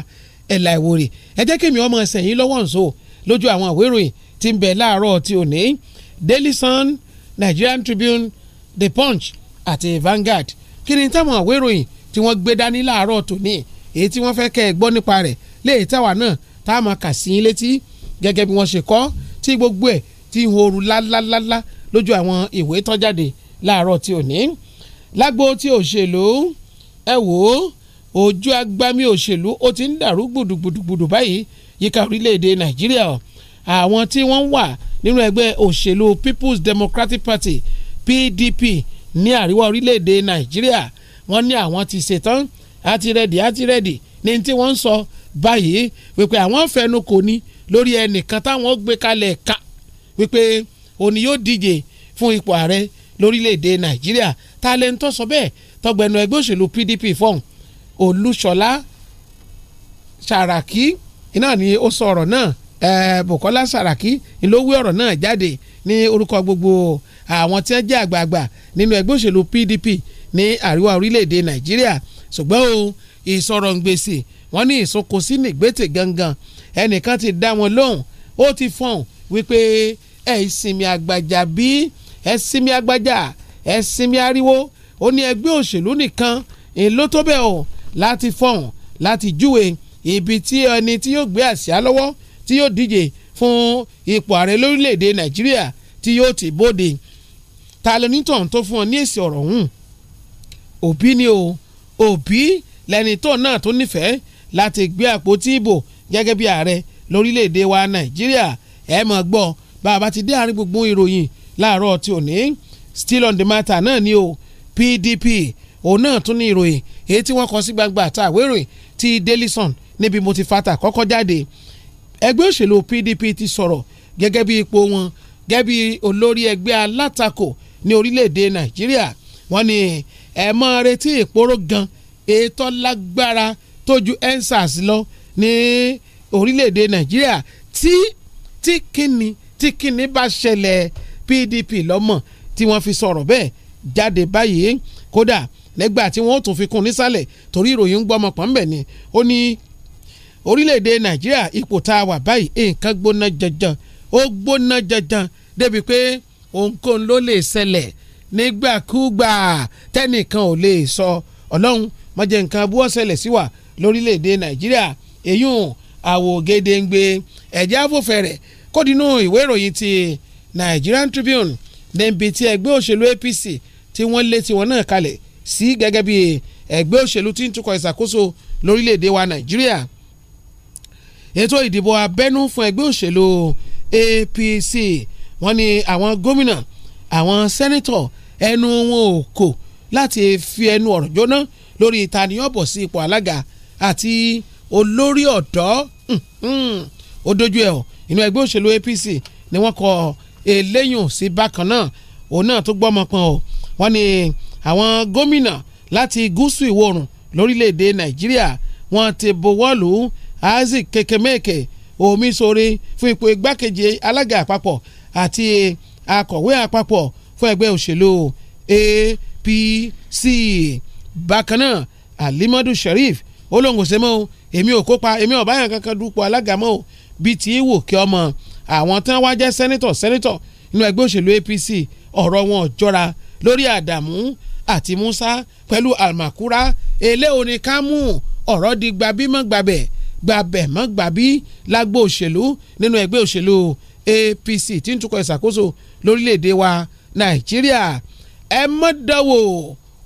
ẹ̀là ìwòrè ẹ jẹ́ kí mi ọmọ sẹ̀yìn lọ́wọ́ ǹso lójú àwọn ìwé ìròyìn tí ń bẹ láàárọ̀ tí ò ní Daily Sun Nigerian Tribune The Punch àti Vanguard kí ni táwọn ìwé ìròyìn tí wọ́n gbé dání láàárọ̀ tòní èyí tí wọ́n fẹ́ kẹ́ ẹ gbọ́ nípa rẹ̀ léè táwa náà tá a máa kà sí i létí gẹ́gẹ́ bí wọ́n ṣe kọ́ tí gbogbo ẹ̀ tí ń horu lálálálá lójú àwọn ìwé tó jáde láàárọ̀ tí ò ní. lágbo tí òṣèlú ẹ wò ó ojú agbami òṣèlú ó ti ń dàrú gbùdùgbùdùgbùdù báyìí yíká orílẹ̀-èdè nàìjíríà àwọn tí wọ́n wà nínú ẹgbẹ́ òṣèlú People's Democratic Party PDP ní àríwá orílẹ̀-èdè nàìjíríà wọ́n ní àwọn ti ṣetán àti rẹ̀dì àti rẹ̀dì ní tí wọ́n ń sọ báyìí wípé àwọn fẹnu kò ní lórí ẹnìkan táwọn gbé kalẹ̀ ká wípé òní yóò díje fún ipò ààrẹ lórílẹ̀-èdè nàìjíríà ta lè ń tó sọ bẹ́ẹ̀ tọgbẹ̀nu ẹgbẹ́ òṣèlú PDP fọ́hùn olúṣọlá sàràkí iná ni ó sọ ọ̀rọ̀ náà Bukola Saraki ló wí ọ̀rọ̀ náà jáde ní orúkọ gbogbo àwọn tí wọ́n jẹ́ àgbààgbà nínú ẹgbẹ́ òṣèlú PDP ní àríwá orílẹ̀-èdè Nàìjíríà ṣùgbọ́n o ìsọ̀rọ̀ ń gbèsè wọ́n ní ìsokòsí nìgbètè gangan ẹnìkan ti dá wọn lóhùn ó ti fọ̀n wípé ẹ ìsinmi àgbàjà bí ẹ sinmi àgbàjà ẹ sinmi ariwo ó ní ẹgbẹ́ òṣèlú nìkan ló tó bẹ́ẹ̀ o láti fọ̀n láti júwe ibi tí ẹni tí yóò gbé àsíá lọ́wọ́ tí yóò díje fún ipò ààrẹ lórílẹ̀‐èdè Nàìjíríà tí yóò ti bóde ta ló ní tọ̀hún tó fún ọ ní èsì ọ̀rọ̀ ọ̀hún òbí ni o òbí lẹni tó náà tó nífẹ̀ẹ́ láti gbé àpótí ìbò gẹ́gẹ́ bí ààrẹ lórílẹ̀‐èdè wa nàìjíríà ẹ mọ̀ gbọ́ bàbá ti dé àárín gbogbo ìròyìn láàárọ̀ tí ò ní still on the matter náà ni o PDP òun náà tún ní ìròyìn èyí tí wọ́n kọ sí gbangba àtàwérò ti Daily Sun níbi mo ti fata kọ́kọ́ jáde ẹgbẹ́ òṣèlú PDP ti sọ̀rọ̀ gẹ́gẹ́ bí ipò wọn gẹ́gẹ́ bí olórí ẹgbẹ́ alátakò ní orílẹ̀-èdè nàìjíríà wọ́n ní ẹ mọ́ retí ìpòrò gan ètò lágbára tó ensas ensars lọ ní orílẹ̀-èdè nàìjíríà tí tí kínni tí kínni bá ṣẹlẹ̀ PDP lọ́mọ̀ tí wọ́n fi sọ̀rọ̀ bẹ́ẹ̀ jáde báyìí kódà lẹ́gbà tí wọ́n tún fi kún nísàlẹ̀ torí ìròyìn ń gbọ́mọ pọ̀ ńbẹ̀ ni ó ní orílẹ̀-èdè nàìjíríà ipò tá a wà báyìí nǹkan gbóná janjan ó gbóná janjan débi pé ohunkóhun ló lè ṣẹlẹ̀ nígbàkúgbà tẹ́nìkan ò lè sọ ọlọ́run mọ̀jẹ̀ nǹkan abúwọ́ ṣẹlẹ̀ sí wa lórílẹ̀‐èdè nàìjíríà èyún àwò gédéǹgbé ẹ̀jẹ̀ àfòfẹ̀rẹ̀ kódinú ìwé ìròyìn ti Nigerian Tribune níbi tí ẹgbẹ́ òṣèlú APC tí wọ́n lé tiwọn náà kalẹ̀ sí gẹ́gẹ́ bí ẹgbẹ́ òṣèlú tí ń tukọ̀ ìṣàkóso lórílẹ̀‐èdè wa nàìjíríà ètò ìdìbò abẹ́nú fún ẹgbẹ́ òṣèlú APC wọ́n ní àwọn gómìnà àwọn sẹ́nítọ̀ ẹnu wọn ò kò láti fi ẹnu ọ̀rọ̀ jóná lórí ìtaniyọ̀bọ̀ sí ipò alága àti olórí ọ̀dọ́ hmm, hmm. ó dojú ẹ̀ ọ́ inú ẹgbẹ́ òṣèlú APC ni wọ́n kọ eléyùn sí bákan náà òun náà tó gbọ́mọ pọn o wọ́n ní àwọn gómìnà láti gúúsù ìwọ̀ oòrùn lórílẹ̀‐èdè Nàìjíríà wọ́n ti buwọ́lù Isaac Kekemeke Omisore fún ipò igbákejì alága àpapọ̀ àti akọ̀wé àpapọ̀ fún ẹgbẹ́ òṣèlú APC bákan náà Alimadu Sheriff ó lóun kò ṣe mọ́ o èmi ò kópa èmi ò báyàn kankan dúpọ̀ alága mọ́ bíi ti wò kí ọmọ àwọn tán wá jẹ́ sẹ́nítọ̀ sẹ́nítọ̀ nínú ẹgbẹ́ òṣèlú APC ọ̀rọ̀ wọn ò jọra lórí Àdàmú àti Musa pẹ̀lú Almakura èlé òní ká mú ọ̀rọ̀ di gbabí mọ́ gbabẹ̀ gbabẹ̀ mọ́ gbabí lágbo òṣèlú nínú ẹgbẹ́ òṣèlú APC tí ń tukọ̀ ìṣàkóso lórílẹ̀‐èdè wa Nàìjíríà ẹ mọ́ dánwò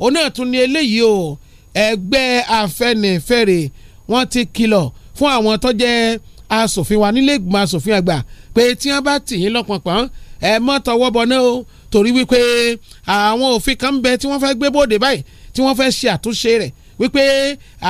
òun náà tún ní eléyìí o ẹgbẹ́ Afẹ́nifẹ́re wọ́n ti kìlọ̀ fún àwọn tó jẹ́ asòfin wa nílé ìgbìmọ̀ asòfin àgbà pé tí wọ́n bá tì yín lọ́pọ̀npọ̀n ẹ mọ́ tọwọ́ bọ náà o torí wípé àwọn òfin kan bẹ tí wọ́n fẹ́ gbé bóde báyìí tí wọ́n fẹ́ ṣe àtúnṣe rẹ̀ wípé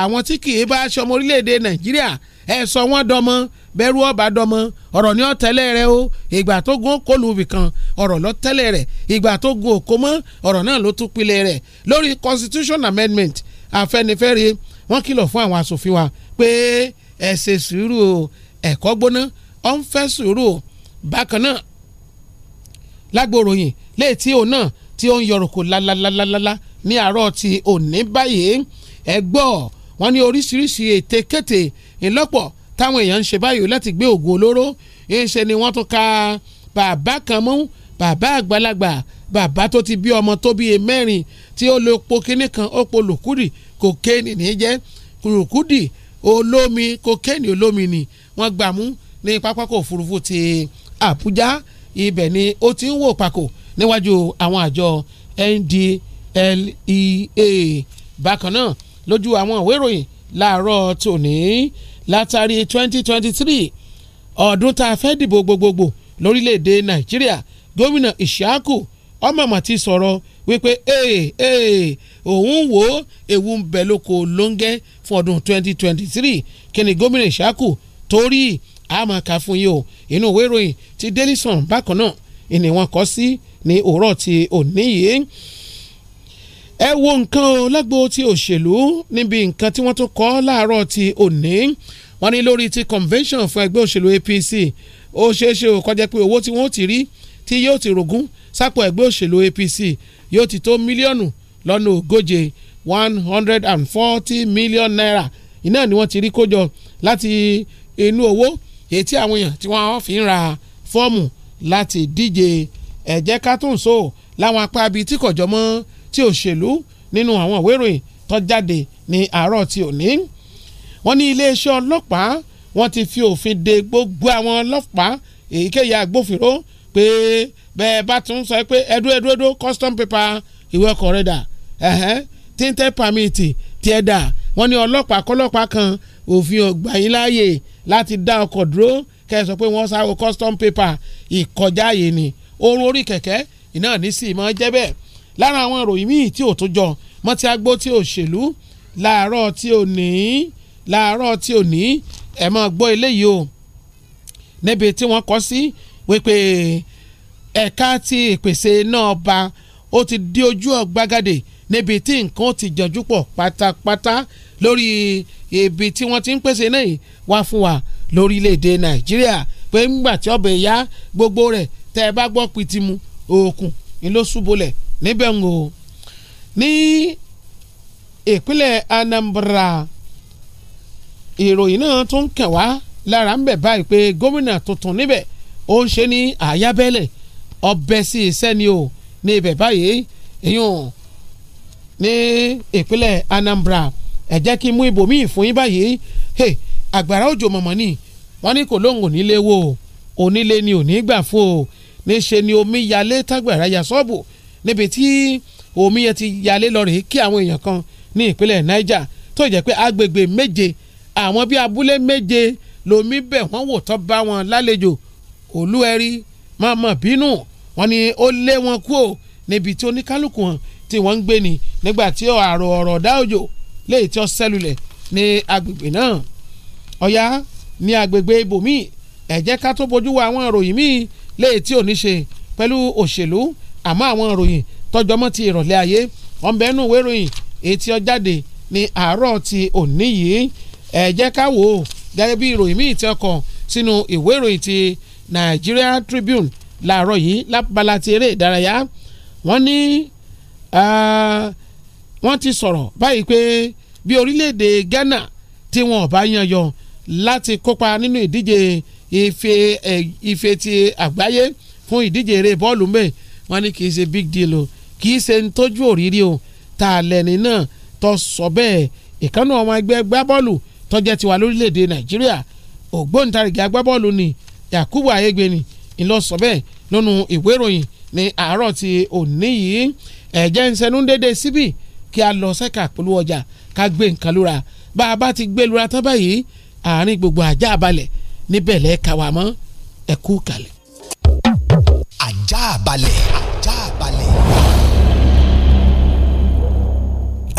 àwọn tí kì í bá aṣọ ọmọ orílẹ̀-èdè Nàìjíríà ẹ sọ wọ́n dọmọ bẹ̀rù ọba dọmọ ọ̀rọ̀ ni ó tẹ́lẹ̀ rẹ o ìgbà tó gun kólúbì kan ọ̀rọ̀ ló tẹ́lẹ̀ rẹ̀ ìgbà tó gun òkó mọ́ ọ̀rọ̀ náà ló tún pilẹ̀ rẹ̀ lórí constitution amendment Afẹ́nifẹ́re wọ́n kìlọ̀ fún àwọn asòfin wa pé ẹ ṣe sùúrù o ẹ̀kọ́ gbóná ọ ń fẹ́ sùúrù o bákan náà lágbóròyìn léètí òun náà tí ó ń yọrùkù lálálálálá ní àárọ̀ ti òní báyìí ẹ gbọ́ wọ́n ní oríṣiríṣi ète ìlọ́pọ̀ táwọn èèyàn ń ṣe báyìí láti gbé oògùn olóró ìṣe ni wọ́n tún ka bàbá kan mú bàbá àgbàlagbà bàbá tó ti bí ọmọ tó bí mẹ́rin tí ó lo epo kínní kan ó po lùkúdì kokéènì ní jẹ́ lùkúdì olómi kokéènì olómi ni wọ́n gbà mú ní pápákọ̀ òfurufú ti Àbújá ibẹ̀ ni ó ti ń wò pàkó níwájú àwọn àjọ NDLEA bákan náà lójú àwọn ìwé ìròyìn láàárọ̀ tòní látàrí 2023 ọdún tá a fẹ́ dìbò gbogbogbò lórílẹ̀‐èdè nàìjíríà gómìnà ìṣíákù ọmọọmọ ti sọ̀rọ̀ wípé ee ee òun wò ó ewu ń bẹ lóko lóńgẹ́ fún ọdún 2023 kí ni gómìnà ìṣíákù torí àmọ́ ká fún yìí o inú ìwé ìròyìn ti Daily Sun bákan náà ìní wọn sí ní òwúrọ̀ ti òní yìí ẹ wo nǹkan o lágbo ti òṣèlú níbi nǹkan tí wọ́n tún kọ́ láàárọ̀ ti òní wọ́n ní lórí ti convention fún ẹgbẹ́ òṣèlú APC ó ṣeéṣe ó kọjá pé owó tí wọ́n ti rí tí yóò ti rògún sápò ẹgbẹ́ òṣèlú APC yóò ti tó mílíọ̀nù lọ́nà ogóje one hundred and forty million naira iná ni wọ́n ti rí kójọ láti inú owó èyí tí àwọn èèyàn tí wọ́n fi ń ra fọ́ọ̀mù láti díje ẹ̀jẹ̀ ká tún so láwọn apá ibi tí kò jọ mọ́ ti òṣèlú nínú àwọn ìwé ìròyìn tó jáde ní àárọ̀ ti òní wọ́n ní iléeṣẹ́ ọlọ́pàá wọ́n ti fi òfin de gbogbo àwọn ọlọ́pàá èyíkéyìí agbófinró pé bẹ́ẹ̀ bá tún sọ pé ẹdú ẹdú ẹdú custom paper ìwé ọkọ̀ rẹ̀ dà tinted permit tiẹ̀ dà wọ́n ní ọlọ́pàá kọlọ́pàá kan òfin ọgbà yín láàyè láti dá ọkọ̀ dúró kẹsàn pé wọ́n sáwọ́ custom paper ìkọjá yìí ni orun orí kẹ̀kẹ́ iná nísìmọ́ jẹ́ bẹ́ẹ̀ lára àwọn ìròyìn míì tí ò tó jọ mọ́ ti agbó tí òṣèlú láàárọ̀ tí ò ní láàárọ̀ tí ò ní ẹ̀ máa gbọ́ eléyìí o níbi tí wọ́n kọ́ sí wípé ẹ̀ka ti ìpèsè náà ba ó ti di ojú ọ̀gbagadè níbi tí nǹkan ti jọjú pọ̀ pátápátá lórí ibi tí wọ́n ti ń pèsè náà wá fún wa lórílẹ̀‐èdè nàìjíríà pé ńgbà tí ọbẹ̀ yá gbogbo rẹ̀ tẹ́ ẹ bá gbọ́ pitimu òòkùn ńlọ́sùbọ̀lẹ̀ níbẹ̀ ń o ní ìpínlẹ̀ Anambra ìròyìn náà tún kàn wá lára ń bẹ̀ báyìí pé gómìnà tuntun níbẹ̀ ó ń ṣe ní àyábẹ́lẹ̀ ọbẹ̀ sí iṣẹ́ ni o ní ibẹ̀ báyìí ìyún ní ìpínlẹ̀ Anambra ẹ kí n mú ibòmíì fún yín báyìí àgbàrá òjò mọ̀mọ́ ni wọ́n ní kò lóhùn onílé wo onílé ni ò ní gbà fún o níṣe ni omi yalé tágbàrá ya sọ́ọ̀bù níbi tí omiyẹ ti yalé lọ rèé kí àwọn èèyàn kan ní ìpínlẹ̀ Niger tó jẹ́ pé agbègbè méje àwọn bíi abúlé méje lomi bẹ̀ wọ́n wò tọ́ bá wọn lálejò olúẹ̀rí mọ̀mọ́ bínú wọn ni ó lé wọn kúò níbi tí oníkálukú hàn tí wọ́n ń gbé ni nígbà tí àrò ọ̀rọ̀ dá òjò léyìí tí ó ṣẹlulẹ̀ ní agbègbè náà ọ̀yá ní agbègbè ibòmíì ẹ ká tó bójú wo àwọn ìròyìn míì léyìí tí ò ní ṣe pẹ̀lú òṣèlú àmọ́ àwọn ìròyìn tọjọ́ mọ́ ti ìrọ̀lẹ́ ayé ọ̀nbẹ́ inú ìwé ìròyìn etí ọjáde ní àárọ̀ ti òní yìí ẹ jẹ́ ká wò ó gẹ́gẹ́ bí ìròyìn míì tí ọkọ̀ sínú ìwé ìròyìn ti Nigeria Tribune làárọ̀ yìí lábala ti eré ìdárayá wọ́n ní wọ́n ti sọ̀rọ̀ báyìí pé bí orílẹ̀-èdè Ghana tí wọn ò bá yan yọ láti kópa nínú ìdíje ife ti àgbáyé fún ìdíje eré bọ́ọ̀lù mẹ́ẹ̀ wọ́n ní kì í ṣe big deal o kì í ṣe ń tójú òrírí o tá a lẹ́ni náà tó sọ bẹ́ẹ̀ ìkànnì ọmọ ẹgbẹ́ gbábọ́ọ̀lù tó jẹ́ tiwa lórílẹ̀‐èdè nàìjíríà ògbóǹtarìgì agbábọ́ọ̀lù ni yakubu ayégbé ni ìlọ sọ bẹ́ẹ̀ nínú ìwé ìròyìn ní àárọ̀ ti òní yìí ẹ̀jẹ̀ ń sẹnu dédé síbì kí a lọ sẹ́ka polówó ọjà ká gbé nǹkan lura bá a bá ti gbé lura tán báyìí àárín gbogbo àjà àbalẹ̀ níbẹ̀ lẹ́ẹ̀ka wà mọ́ ẹ̀kú kalẹ̀ ajá balẹ̀.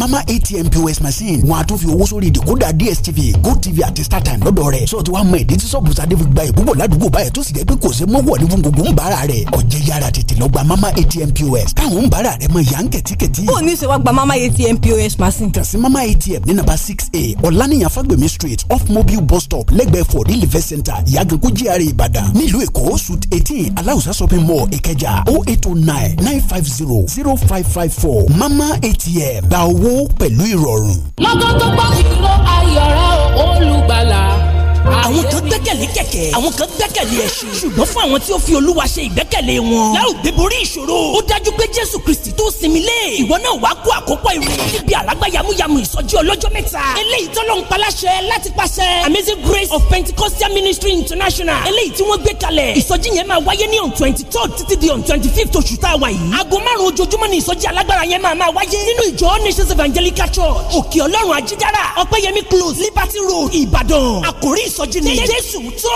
mama atm pos machine wọn a tún fi owó sórí ìdìkúdà dstv gotv àti startime lọ́dọ̀ rẹ̀ sọ ti wá mọ ìdí tí sọ́ọ̀bù sadé fi gba ìbúbọ̀ ládùúgbò báyìí tó sì jẹ́ pé kò sí mọ́wọ́ ní gbogbo ń bára rẹ̀ ọ̀jẹ̀ yára tètè lọ gba mama atm pos táwọn ń bára rẹ̀ mọ yàn kẹ̀tíkẹ̀tí. ó ní sèwá gba mama atm pos machine. kàn sí mama atm ní nàbà six a ọ̀lànìyàn fagbemi street off mobile bus stop lẹ́gbẹ̀ẹ́ for the live center ìyàgànkú GRA ìbàdàn nílùú èkó suit eighteen aláùsá shopping mall ìkẹjà o oh eight o oh nine nine five zero zero five five four mama atm gba owó náwó pẹ̀lú ìrọ̀rùn. lọ́gán tó gbọ́ ìró ayọ̀ rẹ̀ olùgbàlà àwọn kan gbẹ́kẹ̀lé kẹ̀kẹ́ àwọn kan gbẹ́kẹ̀lé ẹṣin ṣùgbọ́n fún àwọn tí ó fi olúwa ṣe ìgbẹ́kẹ̀lé wọn láò gbé borí ìṣòro ó dájú pé jésù kristi tó sinmi lé ìwọ náà wàá kó àkópọ̀ ìrù níbi àlágbá yamuyamu ìsọjí ọlọ́jọ́ mẹ́ta eléyìí tọ́lọ́ ń paláṣẹ láti pàṣẹ amazing grace of pentecostal ministry international eléyìí tí wọ́n gbé kalẹ̀ ìsọjí yẹn máa wáyé ní on twenty third títí di on twenty fifth oṣù tá a wà yìí aago márùn ojoojúmọ́ ni ìsọjí alágbára yẹn máa máa wáyé nínú ìjọ nations evangelical church òkè ọlọ́run àjíjára ọpẹ́yẹmí close liberty road ìbàdàn àkórí ìsọjí ni. jésù tó.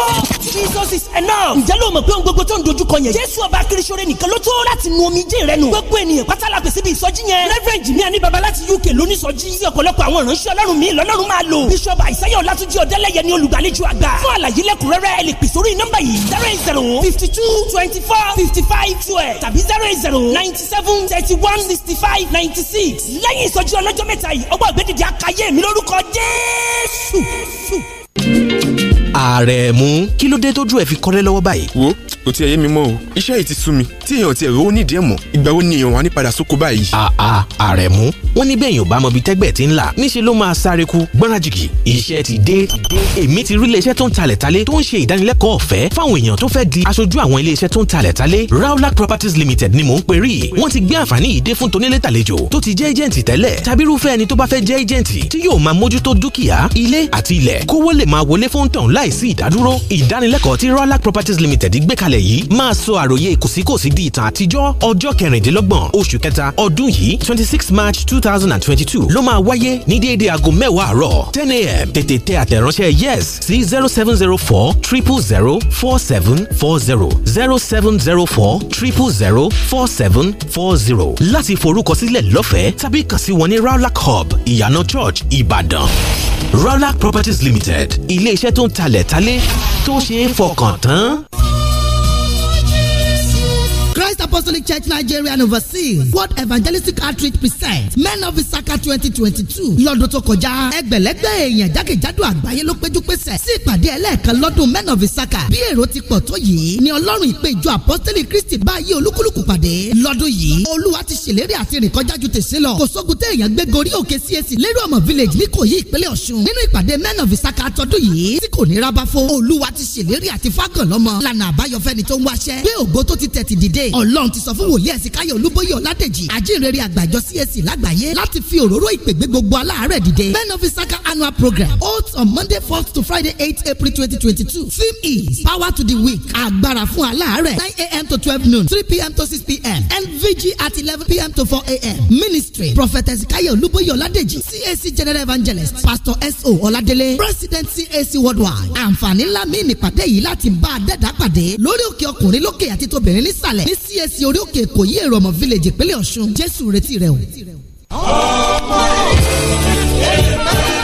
jesus is enough. ǹjẹ́ ló mọ̀ pé ohun gbogbo tó ń dojú kọ yẹn. jésù ọba akérésọ́rẹ́ nìkan ló tó láti nu omijé rẹ nù. gbogbo ènìyàn pátá la pèsè bí ìsọjí yẹn. reverend jimmy ani baba láti uk lóní sọjí. sí ọ̀pọ̀lọpọ̀ àwọn ìránṣẹ́ ọlọ́run mi lọ́lọ́run máa lò. bishop àìsẹ́yọ̀ látúnjí ọ̀dẹ́lẹ̀yẹ ni olùgbàlejò àgbà. fún àlàyé lẹ́kùnrẹ́rẹ́ ẹ lè pè sórí nọ́mbà yìí zero eight zero fifty two twenty four fifty five twelve tàbí zero eight zero ninety seven thirty thank you Àrẹ̀mú kí ló dé tójú ẹ̀ fi kọ́lé lọ́wọ́ báyìí. wo kò tiẹ̀ yé mi mọ́ o iṣẹ́ yìí ti sú mi tí èèyàn tiẹ̀ rówó nídìí ẹ̀ mọ̀ ìgbà wo ni èèyàn wà ní padà sóko báyìí. àà Àrẹ̀mú wọn ní bẹ́ẹ̀ yóò bá mọbi tẹ́gbẹ̀ẹ́ ti ń là níṣẹ́ ló máa sáré ku gbọ́nrajìkì iṣẹ́ ti dé. èmi ti rí iléeṣẹ́ tó ń talẹ̀ talé tó ń ṣe ìdánilẹ́kọ̀ọ́ ọ̀fẹ́ fáwọn èèyàn tó fẹ́ di aṣojú àwọn iléeṣẹ́ tó ń talẹ̀ talé Raulac Properties Limited ni mò ń perí wọ́n ti gbé àǹfààní yìí dé fún tonílé tàlejò tó ti jẹ́ ẹjẹ̀ǹtì tẹ́lẹ̀ tàbí irúfẹ́ ẹni tó bá fẹ́ jẹ́ ẹjẹ̀ǹtì tí yóò máa láìsí ìdádúró ìdánilẹ́kọ̀ọ́ tí Rawlac Properties Limited gbé kalẹ̀ yìí máa sọ àròyé kòsíkòsí di ìtàn àtijọ́ ọjọ́ kẹrìndínlọ́gbọ̀n oṣù kẹta ọdún yìí twenty six march two thousand and twenty two ló máa wáyé ní déédéé aago mẹ́wàá àárọ̀ ten a.m. tètè tẹ àtẹ̀ránṣẹ́ yes sí zero seven zero four triple zero four seven four zero zero seven zero four triple zero four seven four zero láti forúkọsílẹ̀ lọ́fẹ̀ẹ́ tàbí kàn sí wọn ní Rawlac hub ìyànà church Ìbàdàn Rawlac Properties Limited ilé iṣẹ́ tó ń talẹ̀ kanlẹ̀ tálé tó ṣeé fọkàn tán. Christ Apostolic Church Nigeria and overseas World Evangelistic Outreach Present Men of Isaka twenty twenty two lọ́dún tó kọjá ẹgbẹ̀lẹ́gbẹ̀ èèyàn jákèjádò àgbáyé ló péjú pésẹ̀ sí ìpàdé ẹlẹ́ẹ̀kan lọ́dún Men of Isaka bí èrò ti pọ̀ tó yìí ni Ọlọ́run ìpè ìjọ Apostolic Christi báyé olúkúlùkù pàdé lọ́dún yìí Olúwa ti ṣèlérí àti rìn kọjá ju tèṣe lọ kò sógun tẹ èèyàn gbé gorí òkè CAC lérò ọmọ village ní Ìkòyí ìpínlẹ̀ Ọ̀ṣun nínú ìpàdé Men of Isaka tọdún yìí tí kò ní rábá fún. olúwa ti ṣèlérí àti fákàn lọ́mọ. lànà àbáyọ fẹ́ni tó ń wáṣẹ́. gbé ògo tó ti tẹ̀tì dìde. ọlọ́run ti sọ fún wòlíì ẹ̀sìn káyọ̀ olúbóyè ọ̀ládèjì. àjíǹrere àgbàjọ CAC lágbàáyé. láti fi òróró ìpègbè gbogbo aláàárẹ̀ dìde. men of isaka annual program holds on monday fourth to friday eight april twenty twenty two. theme is power to the weak. agbára fún aláàárẹ̀. nine a.m. to twelve noon three p.m. to six p.m. nvg at eleven p.m. to four a.m. ministry prophet ezekiel olúbóyè ọ̀ládèjì CAC general evangelist pastor S.O. oladele president CAC worldwide wà àǹfààní ńlá mi nípàdé yìí láti bá a dẹ́dá pàdé lórí òkè ọkùnrin lókè àti tóbìnrin nísàlẹ̀ ní CAC e orí òkè Ìkòyí Èròmọ̀ village ìpínlẹ̀ Ọ̀ṣun Jésù retí rẹ o. ọmọ ìlú ìlú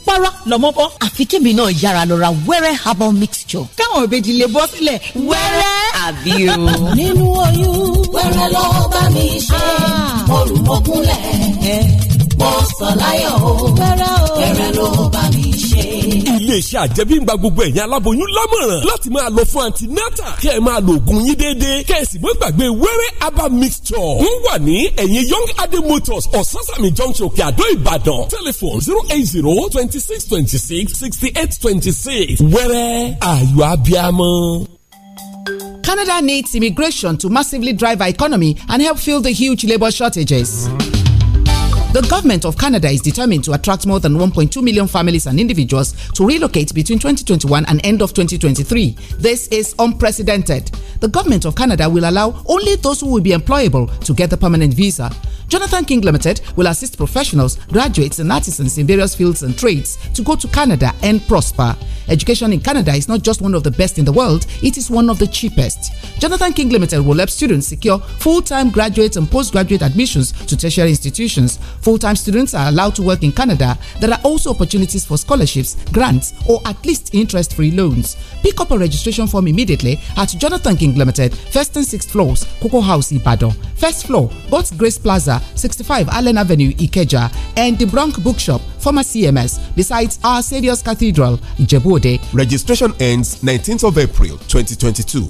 para lọ́mọ bọ́ àfi kébì náà yára lọ ra wẹ́rẹ́ herbal mixture káwọn òbejì lè bọ́ sílẹ̀ wẹ́rẹ́. àbí o. nínú oyún wẹ́rẹ́ lọ́ọ́ bá mi ṣe ah. mo rù mọ́kúnlẹ̀ Mọ́sọ̀láyọ̀ o fẹ́rẹ́ o fẹ́rẹ́ ló bá mi ṣe. Iléeṣẹ́ àjẹmíngba gbogbo ẹ̀yin aláboyún lámọ̀ràn láti máa lọ fún antinata kẹ́ ẹ máa lo oògùn yín déédéé kẹ́ ẹ sì mọ́ gbàgbé wẹ́rẹ́ aba mixture. Wọ́n wà ní ẹ̀yìn Young Adé Motors Ososani Junction Òkè Àdó Ìbàdàn. Tẹlifon zero eight zero twenty six twenty six sixty eight twenty six. Wẹ́rẹ́ ayọ̀ abiamọ. Canada needs immigration to massively drive our economy and help fill the huge labor shortages. The government of Canada is determined to attract more than 1.2 million families and individuals to relocate between 2021 and end of 2023. This is unprecedented. The government of Canada will allow only those who will be employable to get a permanent visa. Jonathan King Limited will assist professionals, graduates, and artisans in various fields and trades to go to Canada and prosper. Education in Canada is not just one of the best in the world, it is one of the cheapest. Jonathan King Limited will help students secure full time graduate and postgraduate admissions to tertiary institutions. Full time students are allowed to work in Canada. There are also opportunities for scholarships, grants, or at least interest free loans. Pick up a registration form immediately at Jonathan King Limited, first and sixth floors, Coco House, Ibadan. First floor, God's Grace Plaza, 65 Allen Avenue, Ikeja, and the Bronx Bookshop, former CMS, besides Our Saviour's Cathedral, Jebode. Registration ends 19th of April 2022.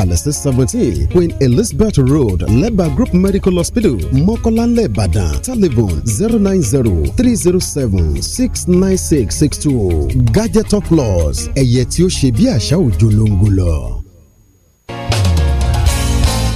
Kalẹ̀sí seventeen Queen Elizabeth Road Leba Group Medical Hospital Mọ́kànlá Ìbàdàn telephone zero nine zero three zero seven six nine six six two Gadget Plus ẹ̀yẹ tí ó ṣe bí àṣà òjò ló ń gò lọ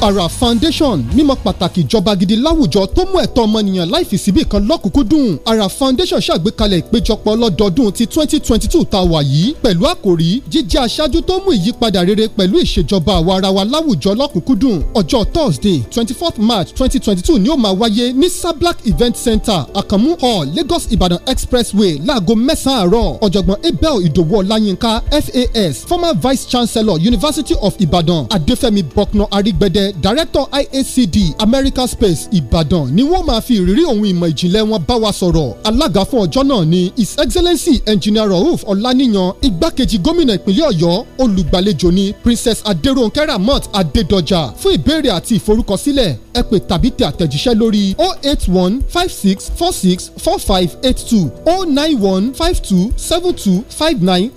ara foundation mímọ̀ pàtàkì ìjọba gidi láwùjọ tó mú ẹ̀tọ́ ọmọnìyàn láì fi síbì kan lọ́kùnkúndùn ara foundation ṣàgbékalẹ̀ ìpéjọpọ̀ ọlọ́dọọdún ti twenty twenty two tá a wà yìí pẹ̀lú àkòrí jíjẹ́ aṣáájú tó mú ìyípadà rere pẹ̀lú ìṣèjọba àwa ara wa láwùjọ lọ́kùnkúndùn ọjọ́ thursday twenty fourth march twenty twenty two ni ó máa wáyé ní sablak event center akamu hall lagos ibadan expressway láago mẹ́sàn-án àárọ̀ ọ̀jọ̀gbọ́n abel ìdòwú ọláyínká fas former vice chancellor university of ibadan adéfẹ́mi bokno arígbẹ́dẹ director iacd america space ìbàdàn ni wọ́n máa fi ìrírí ohun ìmọ̀ ìjìnlẹ̀ wọn bá wa sọ̀rọ̀ alága fún ọjọ́ náà ni his excellency engineer rauf ọláníyàn igbákejì gómìnà ìpínlẹ̀ ọ̀yọ́ olùgbàlejò ni princess adéròǹkẹ́ ramot adédọjà fún ìbéèrè àti ìforúkọsílẹ̀ ẹ pè tàbí tẹ àtẹ̀jíṣẹ́ lórí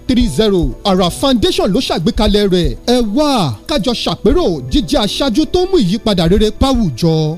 three zero. ara foundation ló ṣàgbékalẹ̀ rẹ̀ ẹ wá kájọ ṣàpérò jíjẹ́ aṣáájú aṣáájú tó mú ìyípadà rere pàwùjọ.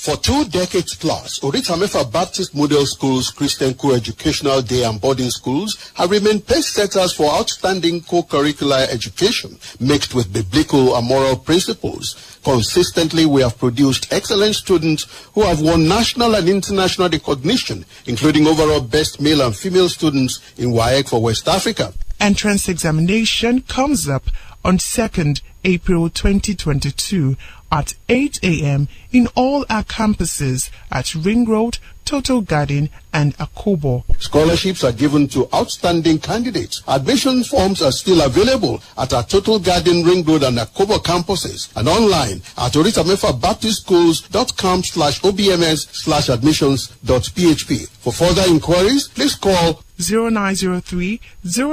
For two decades plus, Oritamefa Baptist Model Schools, Christian Co-Educational Day and Boarding Schools have remained pace setters for outstanding co-curricular education mixed with biblical and moral principles. Consistently, we have produced excellent students who have won national and international recognition, including overall best male and female students in WAEC for West Africa. entrance examination comes up on 2nd April 2022 at 8 a.m. in all our campuses at Ring Road, Total Garden, and Akobo. Scholarships are given to outstanding candidates. Admission forms are still available at our Total Garden, Ring Road, and Akobo campuses and online at oritamefabaptistschools.com slash obms slash admissions.php. For further inquiries, please call 0903 000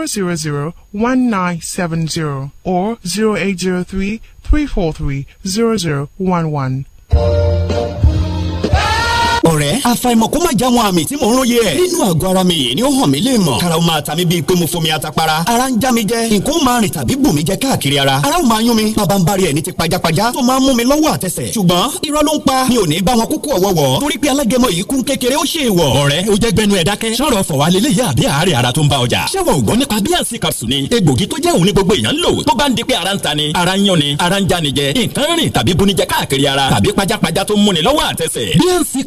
1970 or 0803 343 0011. àfàìmọ̀ kó má já wọn àmì tí mò ń róye ẹ̀. nínú àgọ́ ara mi yìí ni ó hàn mí lè mọ̀. karaw máa ta mi bíi pé mo fomi atapara. ara ń já mi jẹ nǹkan ó máa rìn tàbí bù mí jẹ káàkiri ara. ara ó máa yún mi bàbá ń bari ẹ̀ ní ti pajápajá tó máa ń mú mi lọ́wọ́ àtẹsẹ̀. ṣùgbọ́n irọ́ ló ń pa mi ò ní bá wọn kúkú ọ̀wọ́wọ́ torí pé alágẹmọ yìí kún kékeré ó ṣe ìwọ̀. ọ̀rẹ́ capsule ni egbògi tó jẹ́ òun ní gbogbo èèyàn ń lò tó bá ń di pé ara ń ta ni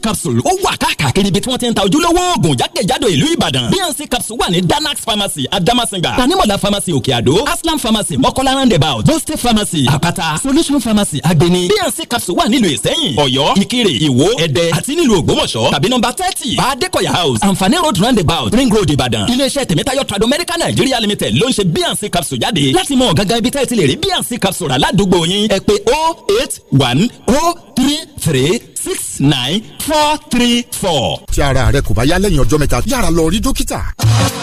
capsule ó wà káàkiri ibi tí wọ́n ti ń ta ojúlówó oògùn jákèjádò ìlú Ìbàdàn bnc capsule wà ní danax pharmacy adamasinga tanimola pharmacy òkè aslam pharmacy mọ́kọ́lá roundabout boste pharmacy àpáta solution pharmacy agbeni bnc capsule wà nílùú ìsẹ́yìn ọ̀yọ́ ìkirè ìwó ẹ̀dẹ́ àti nílùú ògbómọ̀ṣọ́ tàbí nọmba thirty bàdékọ̀yà house àǹfààní road roundabout ring road Ìbàdàn iléeṣẹ́ tèmítáyọ̀ tradomedica nàìjíríà limited ló ń ṣe bnc capsule jáde láti mọ gangan ibi tẹ́ẹ̀ ti lè rí bnc capsule aládùúgbò yín ẹ pé oh eight one oh three three six nine four three four. tí ara rẹ kò bá yá lẹ́yìn ọjọ́ mẹ́ta yára lọ rí dókítà.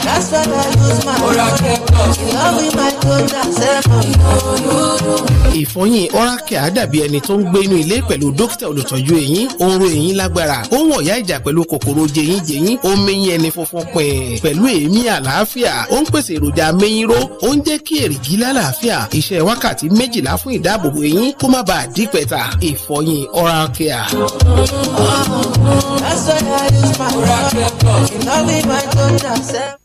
that's why i lose my oracle plus you love my total self ìfọyín oracle àdàbí ẹni tó ń gbé inú ilé pẹ̀lú dókítà olùtọ́jú eyín ó ń ro eyín lágbára ó ń wọ̀yá ìjà pẹ̀lú kòkòrò jẹyínjẹyín ó ń mẹyìn ẹni funfun pin pẹ̀lú èémí àlàáfíà ó ń pèsè èròjà mẹyìnró ó ń jẹ́ kí èrìgì lálàáfíà iṣẹ́ wákàtí méjìlá fún ìdáàbòbò eyín kó má bàa dípẹ̀ta ìfọyín oracle. That's why I use my phone. I can my phone myself.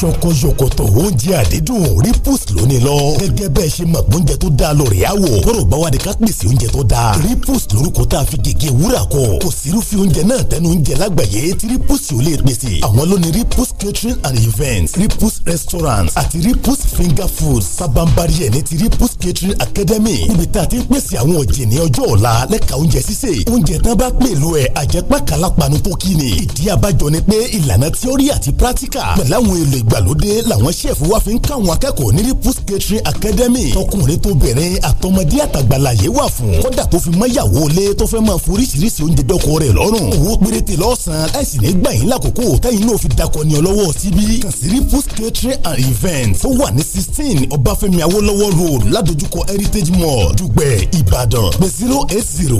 ṣokoyòkòtò oúnjẹ àdídùn Ripus lónìí lọ. gẹ́gẹ́ bẹ́ẹ̀ ṣe mọ̀ oúnjẹ tó dáa lórí àwọ̀ kóró báwadì ká pèsè oúnjẹ tó dáa. Ripus lórúkọ tá a fi gègé wúrà kọ kò sírúfẹ́ oúnjẹ náà tẹnu oúnjẹ lágbàáyé tí Ripus yóò lè pèsè. àwọn lónìí Ripus catering and events Ripus restaurant àti Ripus finger food sábàǹbarì ẹ̀ ti Ripus catering academy níbi tá a ti ń pèsè àwọn òjì ní ọjọ́ ọ̀la lẹ́ka oúnjẹ sísè oúnjẹ tán bá pèlú ẹ̀ àjẹpá kàlápanu tó kí ni ìdí abájọ ni pé ìlànà tíọ́rì àti pírátíkà pẹ̀láwọn èlò ìgbàlódé làwọn ṣẹ́ẹ̀fù wa fi ń káwọn akẹ́kọ̀ọ́ ní Ripples Catering Academy tọkùnrin tó bẹ̀rẹ̀ àtọmọdé àtàgbà láyé wà fún kódà tó fi mọ́ ìyàwó lé tó fẹ́ máa foríṣiríṣi oúnjẹ dọ́kọ rẹ̀ lọ́rùn owó péréte lọ́sàn-án láìsí ní gbà yín lákòókò tẹ́yìn náà fi dakọ̀ ní ọlọ́wọ́ síbí kàn sí Ripples Catering and Events tó wà ní sixteen Ọbáfẹ́mi Awólọ́wọ̀ road ládojúkọ Heritage Mall Dùgbẹ̀ Ìbàdàn pé zero eight zero